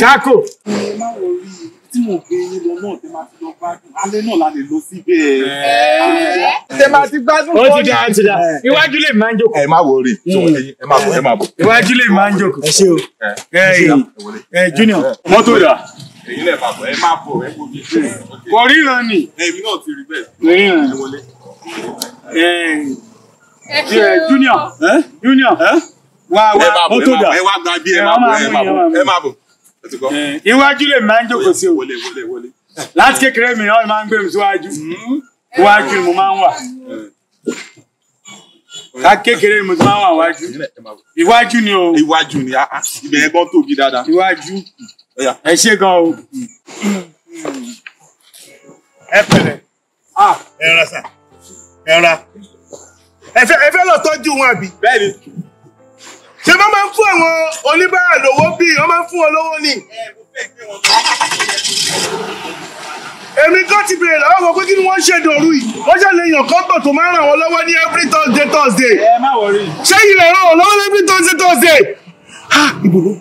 kákò. ẹ má wọ orí tí mo gbé yín lọ náà tẹ máa ti lọ gbádùn alẹ́ náà la lè lọ síbẹ̀. tẹ máa ti gbádùn kọ́ ó ti dá ti dá iwájú lè máa ń jókòó. ẹ má wọ orí ẹ má bọ̀ ẹ má bọ̀. iwájú lè máa ń jókòó. ẹ ṣe o junior mọ́tò dà èyí lè má bọ̀ ẹ má bọ̀ ẹ kò ní. kò ríran ni. èmi náà ti rí bẹ́ẹ̀. ẹ wọlé junior junior wá wá mọ́tò dà ẹ wá gba bí ẹ máa bọ̀ ẹ máa bọ̀ ẹ máa bọ̀ iwájú lè máa ń jókòó sí o láti kékeré mi náà máa ń gbé mi síwájú hmm. iwájú ni mo máa ń wà ká hmm. kékeré ni mo ti máa ń wà iwájú iwájú ni o iwájú ni ibẹ̀ ẹ gbọ́ tóbi dáadáa iwájú ẹ ṣe gan o hmm. ẹ pẹ̀lẹ́ ah. ẹ rẹ sàn ẹran ẹ fẹ́ lọ tọ́jú wọn àbí. bẹ́ẹ̀ni. ṣé wọ́n máa ń fún àwọn oníbàárà lówó bí wọ́n máa ń fún wọn lówó ni. èmi kan ti bèrè lọ́wọ́ wọn pé kí ni wọ́n ṣe dòru yìí wọ́n ṣe lè yàn kọ́ńtò tó máa ń ràn wọ́n lọ́wọ́ ní every Thursday Thursday. ẹ má wọrí. ṣé ilẹ̀ ràn wọ́n lọ́wọ́ every Thursday Thursday ibo ló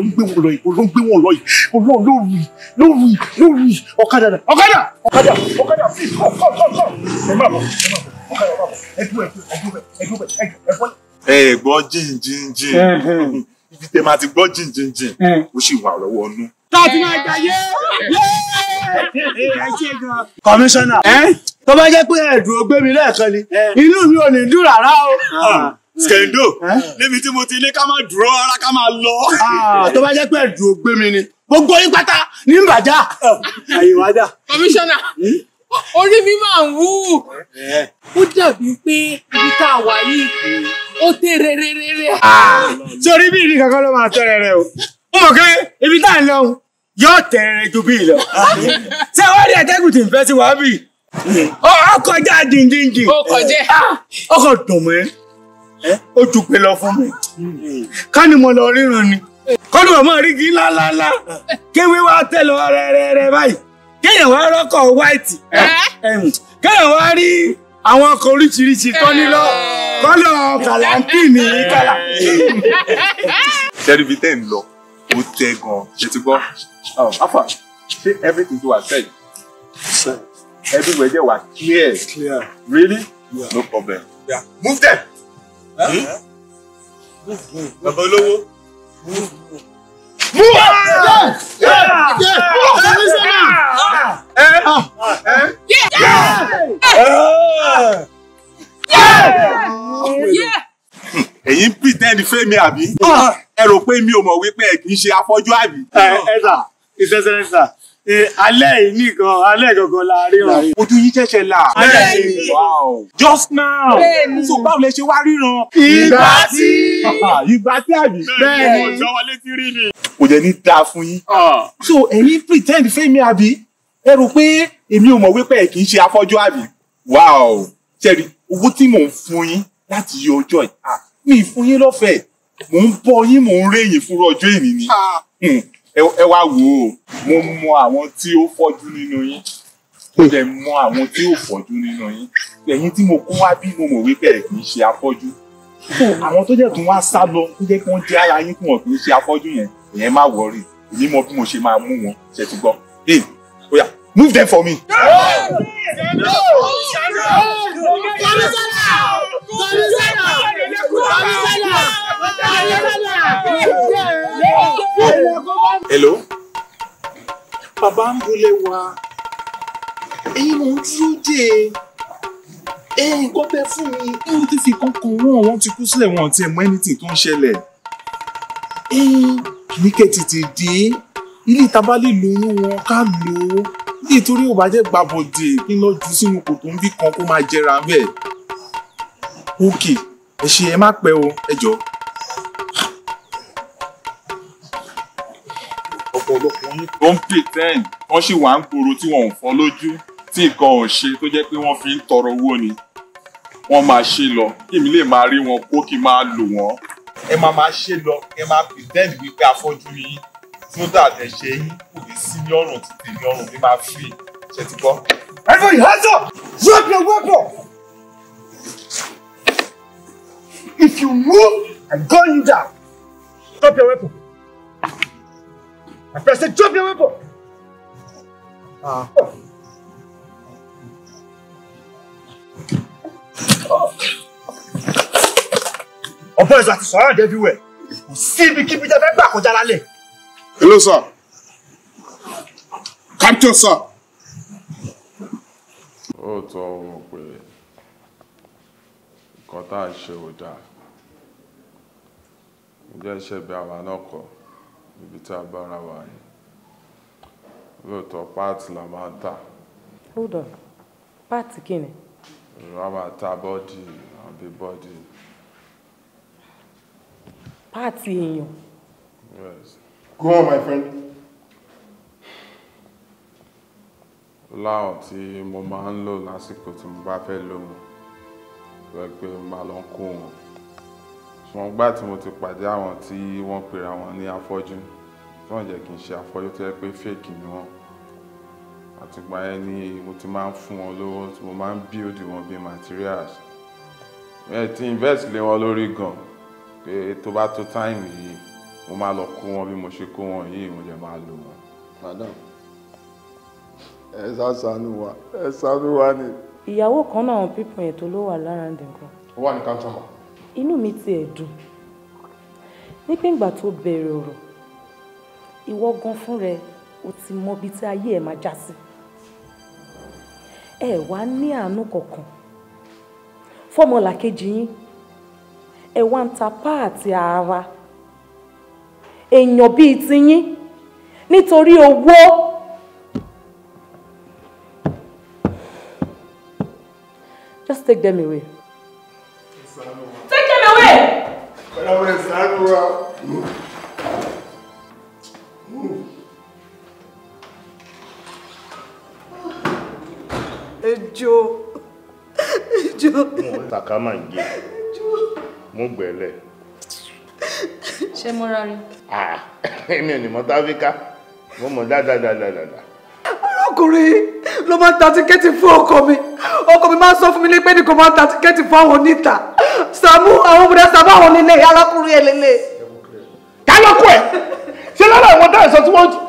ń gbé wọn lọ ibo ló ń gbé wọn lọ ibo ló ń gbé wọn lọ yìí Ọlọ́run ló rí ló rí ló rí ọ̀kadà dà ọ̀kadà ọ̀kadà ọ̀kadà fi kọ kọ kọ kọ ẹ má bọ ẹ má bọ gbọ́ jìnjìnjìn ibi tẹ̀ máa ti gbọ́ jìnjìnjìn ó sì wà lọ́wọ́ nú. láti máa gbà yé kọmíṣánná tó bá jẹ́ pé ẹ̀dùn ògbémi lẹ́ẹ̀kan ni inú mi ò ní dùn rárá o. Ah. Skendo hmm. níbi tí mo ti ní ká máa dúró ara ká máa lọ. Ah, tó bá jẹ́ pé ẹ̀dùn ògbé mi ni gbogbo yín pátá ní ìbàjá. àyèwájà. kọmíṣánná hmm? orí mi máa ń wú. ó dàbí pé ibi tá a wà yìí ó tẹ rẹrẹrẹrẹ. sórí bí ìdí kankan ló máa tẹ rẹrẹ o ó mọ̀ pé ibi tá à ń lọ yóò tẹ rẹrẹ ju bí lọ. ṣé wọ́n rí ẹ̀tẹ́gùn tí ń fẹ́ sí wàá bì? Hmm. ó kọjá dìndìndì. ó kọjá. Ah, ó kọ dùn mọ́ ẹ́ ó dùpẹ́ lọ fún mi ká ní mo lọ ríran ni kọ́ni màmá rígi ńláńlá kéwé wa tẹ̀ rẹ́rẹ́rẹ́ báyìí kéèyàn wá rọ́kọ̀ wáìtì kéèyàn wá rí àwọn ọkọ̀ oríṣiríṣi tọ́ni lọ kọ́nà kàlàǹkì ní kàlà. sẹ́ríbi tẹ́ ń lọ ó tẹ́ gan-an ṣe ti gbọ́ oh, afa ṣé everything tó wà sẹ́yìn everywhere jẹ́ wà clear really yeah. no problem yeah. move them. Eh? bàbá olówó. mú wa. ẹ̀yin pretend fẹ́mi àbí ah. ẹ rò pé mi ò mọ̀ wípé ẹ kì í ṣe afọ́jú àbí. ẹ eh, ẹ sà ìṣẹ́ṣẹ́ sà alẹ́ yìí nìkan alẹ́ gangan la ríran ojú yín ṣẹ̀ṣẹ̀ là bẹ́ẹ̀ni just now so báwo lẹ ṣe wá ríran. ìgbà tí ìgbà tí àbí bẹ́ẹ̀ni ọjọ́ wọlé ti rí ni. kò jẹ́ ní dáa fún yín ah. so ẹ̀yin pretend fẹ́mi àbí ẹ rò pé èmi ò mọ̀ wípé ẹ̀ kì í ṣe afọ́jú àbí wow ṣẹ́ri owó tí mò ń fún yín láti yọ ọjọ́ yìí ah, mi fún yín lọ́fẹ̀ẹ́ mò ń bọ́ yín mò ń réyìn fúnra ọjọ́ èmi ni. Ah. Hmm ẹ wá wò ó mo mọ àwọn tí ó fọ́jú nínú yín mo dẹ̀ mọ àwọn tí ó fọ́jú nínú yín ẹ̀yin tí mo kó wá bí mo mọ̀ wípé ẹ̀ kì í ṣe afọ́jú àwọn tó jẹ́ tún wá sá lọ tó jẹ́ kí wọ́n jẹ́ ara yín kí wọ́n kì í ṣe afọ́jú yẹn ìyẹn má wọrí èmi mọ bí mo ṣe máa mú wọn ṣe ti gbọ́ hey oya move them for me. Komisanna! Komisanna! Komisanna! Hello? Bàbá ń bulẹ̀ wá. Ẹ̀yin mò ń dúró dé. Ẹ nǹkan tẹ fún mi. Wọ́n ti fi kankan wọ́n wọ́n ti kú sílẹ̀ wọn àti ẹ̀mọ́ ẹni tí tó ń ṣẹlẹ̀. Ní kẹ̀tìtì dé, ilé ìtabá lè lóyún wọn ká lò ó. Nítorí ò bá jẹ́ gbàbọ̀dè kí n lọ jù sínú kòtò ń bí kan kó máa jẹra bẹ́ẹ̀. Ókè, ẹ ṣe ẹ má pẹ́ o, ẹ jọ̀ọ́. ọ̀pọ̀lọpọ̀ yín. ó ń pretend wọ́n sì wà ń gbòòrò tí wọ́n ò fọ́ lójú tí nǹkan ò ṣe tó jẹ́ pé wọ́n fi ń tọrọ owó ni wọ́n máa ṣe lọ kí èmi lè máa rí wọn kó kí n máa lò wọ́n. ẹ máa máa ṣe lọ ẹ máa pretend wípé afọ́jú ni yín tó dàtẹ̀ ṣe yín kò ní sí ní ọ̀rùn ti tèmi ọ̀rùn mi máa fi ṣe ti gbọ́. everybody hands up drop your weapon if you move i gun you down drop your weapon. I press it, drop your weapon. Ah. Oh. Ọ̀pọ̀ ẹ̀sọ́ àti sọ̀rọ̀ everywhere. Kò sí ibi kíbi tẹ́ fẹ́ gbà kọjá lálẹ́. Hello sir. Captain sir. Oh, to ohun Got nǹkan tá a ṣe ò dáa. Ǹjẹ́ ṣẹ̀bi àwa náà ibi tá a bára wa lóòótọ́ páàtì la máa ń hold on páàtì kí ni. ìrora máa ta bọ́ọ̀dì àbí bọ́ọ̀dì. páàtì èèyàn. yes. go on my friend. láwọn tí mo máa ń lò lásìkò tí mo bá fẹ́ lò wọ́n rẹ pé máa lọ kó wọn ṣùgbọ́n gbà tí mo ti pàdé àwọn tí wọ́n pera wọn ní afọ́jú náà jẹ́ kí n ṣe àfọ́jú tó yẹ pé fake ni wọ́n àtìgbà yẹn ni mo ti máa ń fún wọn lówó tí mo máa ń build wọn bíi materials ẹ ti invest lé wọn lórí gan pé tó bá tó time yìí mo máa lọ kó wọn bí mo ṣe kó wọn yìí mo jẹ máa lò wọn. madam ẹ ṣàṣàánú wa ẹ ṣàánú wa ni. ìyàwó kan náà pípọ̀ ẹ̀ tó ló wà lára nìkan. ó wà ní káńtọ́mà. inú mi ti ẹ̀ dùn nípìn tó bẹ̀rẹ̀ ọ̀rọ̀ ìwọ gan fún rẹ o ti mọ ibi tí ayé ẹ máa já sí ẹ wá ní àánú kankan fọmọlàkejì yín ẹ wá ń ta páàtì ara èèyàn bíi tiyín nítorí owó. Just take them away. àkàmàǹjẹ mú gbẹ̀lẹ̀. ṣé mo rárí. èmi ò ní mọ táfíkà mo mọ dáadáa. ọlọ́kùnrin ló máa ń ta tíkẹ́ẹ̀tì fún ọkọ mi ọkọ mi máa ń sọ fún mi ní pé ní kò máa ń ta tíkẹ́ẹ̀tì fún àwọn oníta Sàámú àwọn ọmọdé Sàámú àwọn nílé alákùnrin ẹ̀ lélẹ̀. kálọ́kù ẹ̀ ṣé lára àwọn dáhùn sọ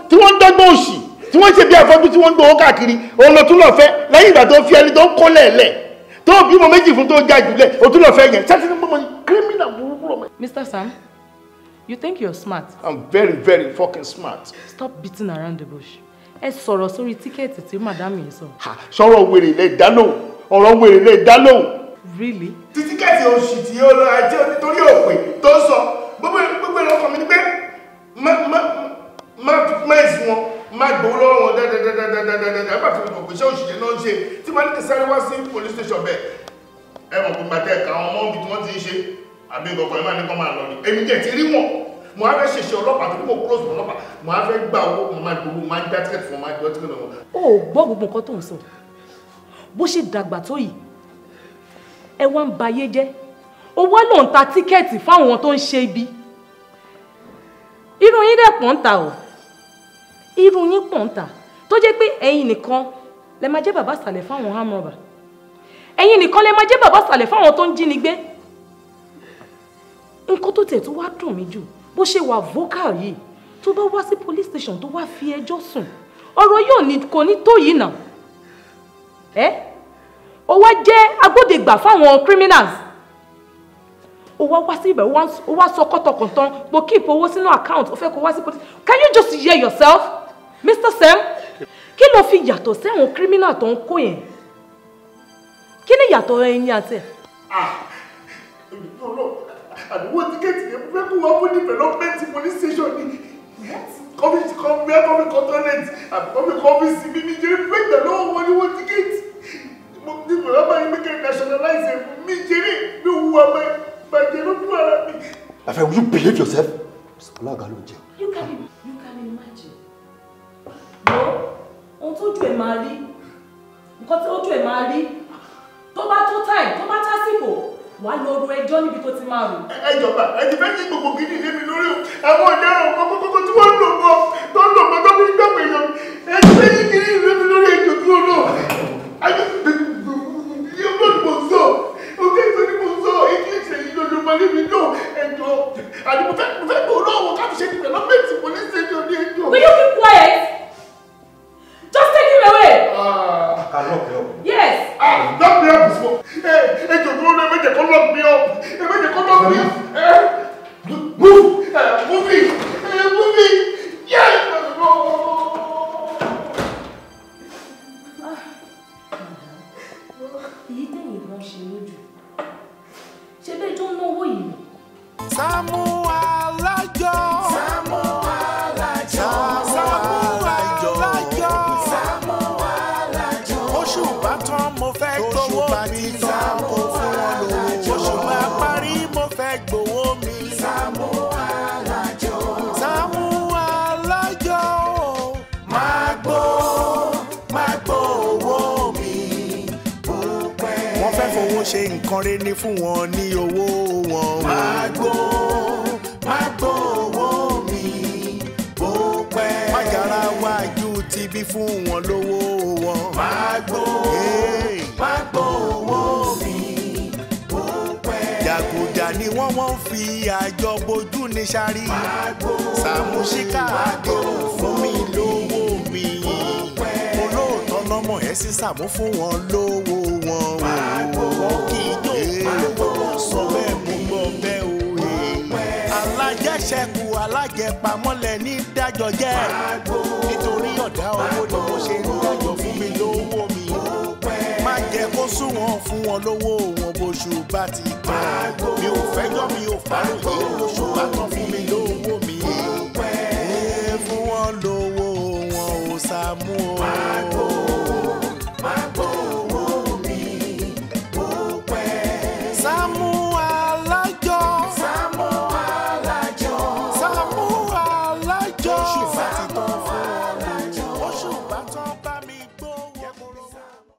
tí wọ́n ń dọ́gbọ́n òṣì tí wọ́n ń ṣe bí àfọ́jú tí wọ́n ń gbowó káàkiri òun ló tún lọ fẹ́ lẹ́yìn ìgbà tó fi ẹni tó ń kó lẹ̀ẹ́lẹ̀ tó bímọ méjì fún tó já jùlẹ̀ o tún lọ fẹ́ yẹn ṣé tinubu mọ kírímìnà burúkú lọ. Mr. Sir, you think you're smart. I'm very very fucking smart. Stop beating around the bush. ẹ sọ̀rọ̀ sórí tíkẹ́ẹ̀tì tí màdámù yìí sọ. sọ̀rọ̀ wèrè lè dá lóhùn ọ̀rọ̀ wèrè lè dá lóhùn. really. ti tíkẹ́ẹ̀tì oṣù tí ó lọ ajé nítorí òpè tó sọ gbogbo ìlú gbogbo ìlú ọkọ mi ni pé ma ma ma ma ma ma má gbowó lọ́wọ́ wọn dáadáadáadáa bá fi gbogbo iṣẹ́ òṣìṣẹ́ náà ń ṣe tí wọ́n ní ti sáré wá sí police station bẹ́ẹ̀ ẹ mọ̀ gbogbo àtẹ ẹ̀ka àwọn ọmọ òbí tí wọ́n ti ń ṣe àbí gbọ̀ngàn ìmáà ní kọ́ máa lọ ni èmi jẹ́ ti rí wọn mo á fẹ́ ṣèṣe ọlọ́pàá tó kí mo kúrò sùn ọlọ́pàá mo á fẹ́ gbà owó mo máa gbowó máa ń já tíkẹ́tì fún máa jọ tíkẹ́tì wọn. o ò gbọ́ gbogbo nǹkan tó ń sọ bó ṣe dàgbà tó yìí ẹ wá ń ba ayé jẹ́ owó ló ń ta tíkẹ́ẹ̀tì fáwọn tó irú yín pọ̀ ń tà tó jẹ́ pé ẹ̀yin nìkan lẹ máa jẹ́ bàbá sàlẹ̀ fáwọn hamrọ̀bà ẹ̀yin nìkan lẹ máa jẹ́ bàbá sàlẹ̀ fáwọn tó ń jínigbé nǹkan tó tẹ̀ tó wá dùn mí jù bó ṣe wà vocal yìí tó bá wá sí police station tó wá fi ẹjọ́ sùn ọ̀rọ̀ yóò ní kò ní tó yìí nà ẹ́ ó wá jẹ́ agbódegbà fáwọn criminals ó wá wá sí ibẹ̀ ó wá sọ kọ́tọ̀kọ̀tàn pò kíìpù owó sínú account ó fẹ́ kó wá sí police can you just hear yourself. Mr. Sam kí ló fi yàtọ̀ sẹ́wọ̀n kírímínà tó ń kó yẹn kí ni yàtọ̀ ẹyin àti ẹ̀. Ah, àdúgbò tíkẹ́ẹ̀tì yẹn fẹ́ kó wá fún development police station ni kọ́fíìsì kọ́fíìsì kọ́fíìsì kọ́tọ́lẹ̀tì àbí kọ́fíìsì kọ́fíìsì mímí jẹ́ fẹ́gbẹ̀ lọ́wọ́ wọn ni wọ́n tíkẹ́ẹ̀tì ní kò lábàá yín mẹ́kẹ́ nationalize ẹ̀ mí jẹ́rì mi wù wá bàjẹ́ lójú ara mi. àfẹ́ will you believe yourself? alága ló jẹ wo ohun tójú ẹ̀ máa rí nǹkan tí ojú ẹ̀ máa rí tó bá tó táì tó bá tásìkò wà á lọ ro ẹjọ́ níbi tó ti máa rò. ẹ jọba ẹ ti fẹ́ kí gbogbo gidi lé mi lórí o àwọn ọ̀daràn kọ́kọ́kọ́ tí wọ́n ń lò mọ́ tó ń lò mọ́ tó fi ń gbàgbé yàn ẹ ti fẹ́ kí gidi lé mi lórí ètò dúró náà ayé ìyẹn ló ní mo sọ òkè ìsọ ní mo sọ èyí ìṣẹ̀yìn ló ló máa lé mi náà ẹjọ́ àti mo fẹ́ mo fẹ́ kó lọ́wọ́ ká fi ṣe development police station ní ẹjọ́. will you keep quiet. Ah. Yes. Ah, lock me up is what? Eh, eh, you don't make the lock me up. Eh, make the lock me up. Eh, move. move it. for one.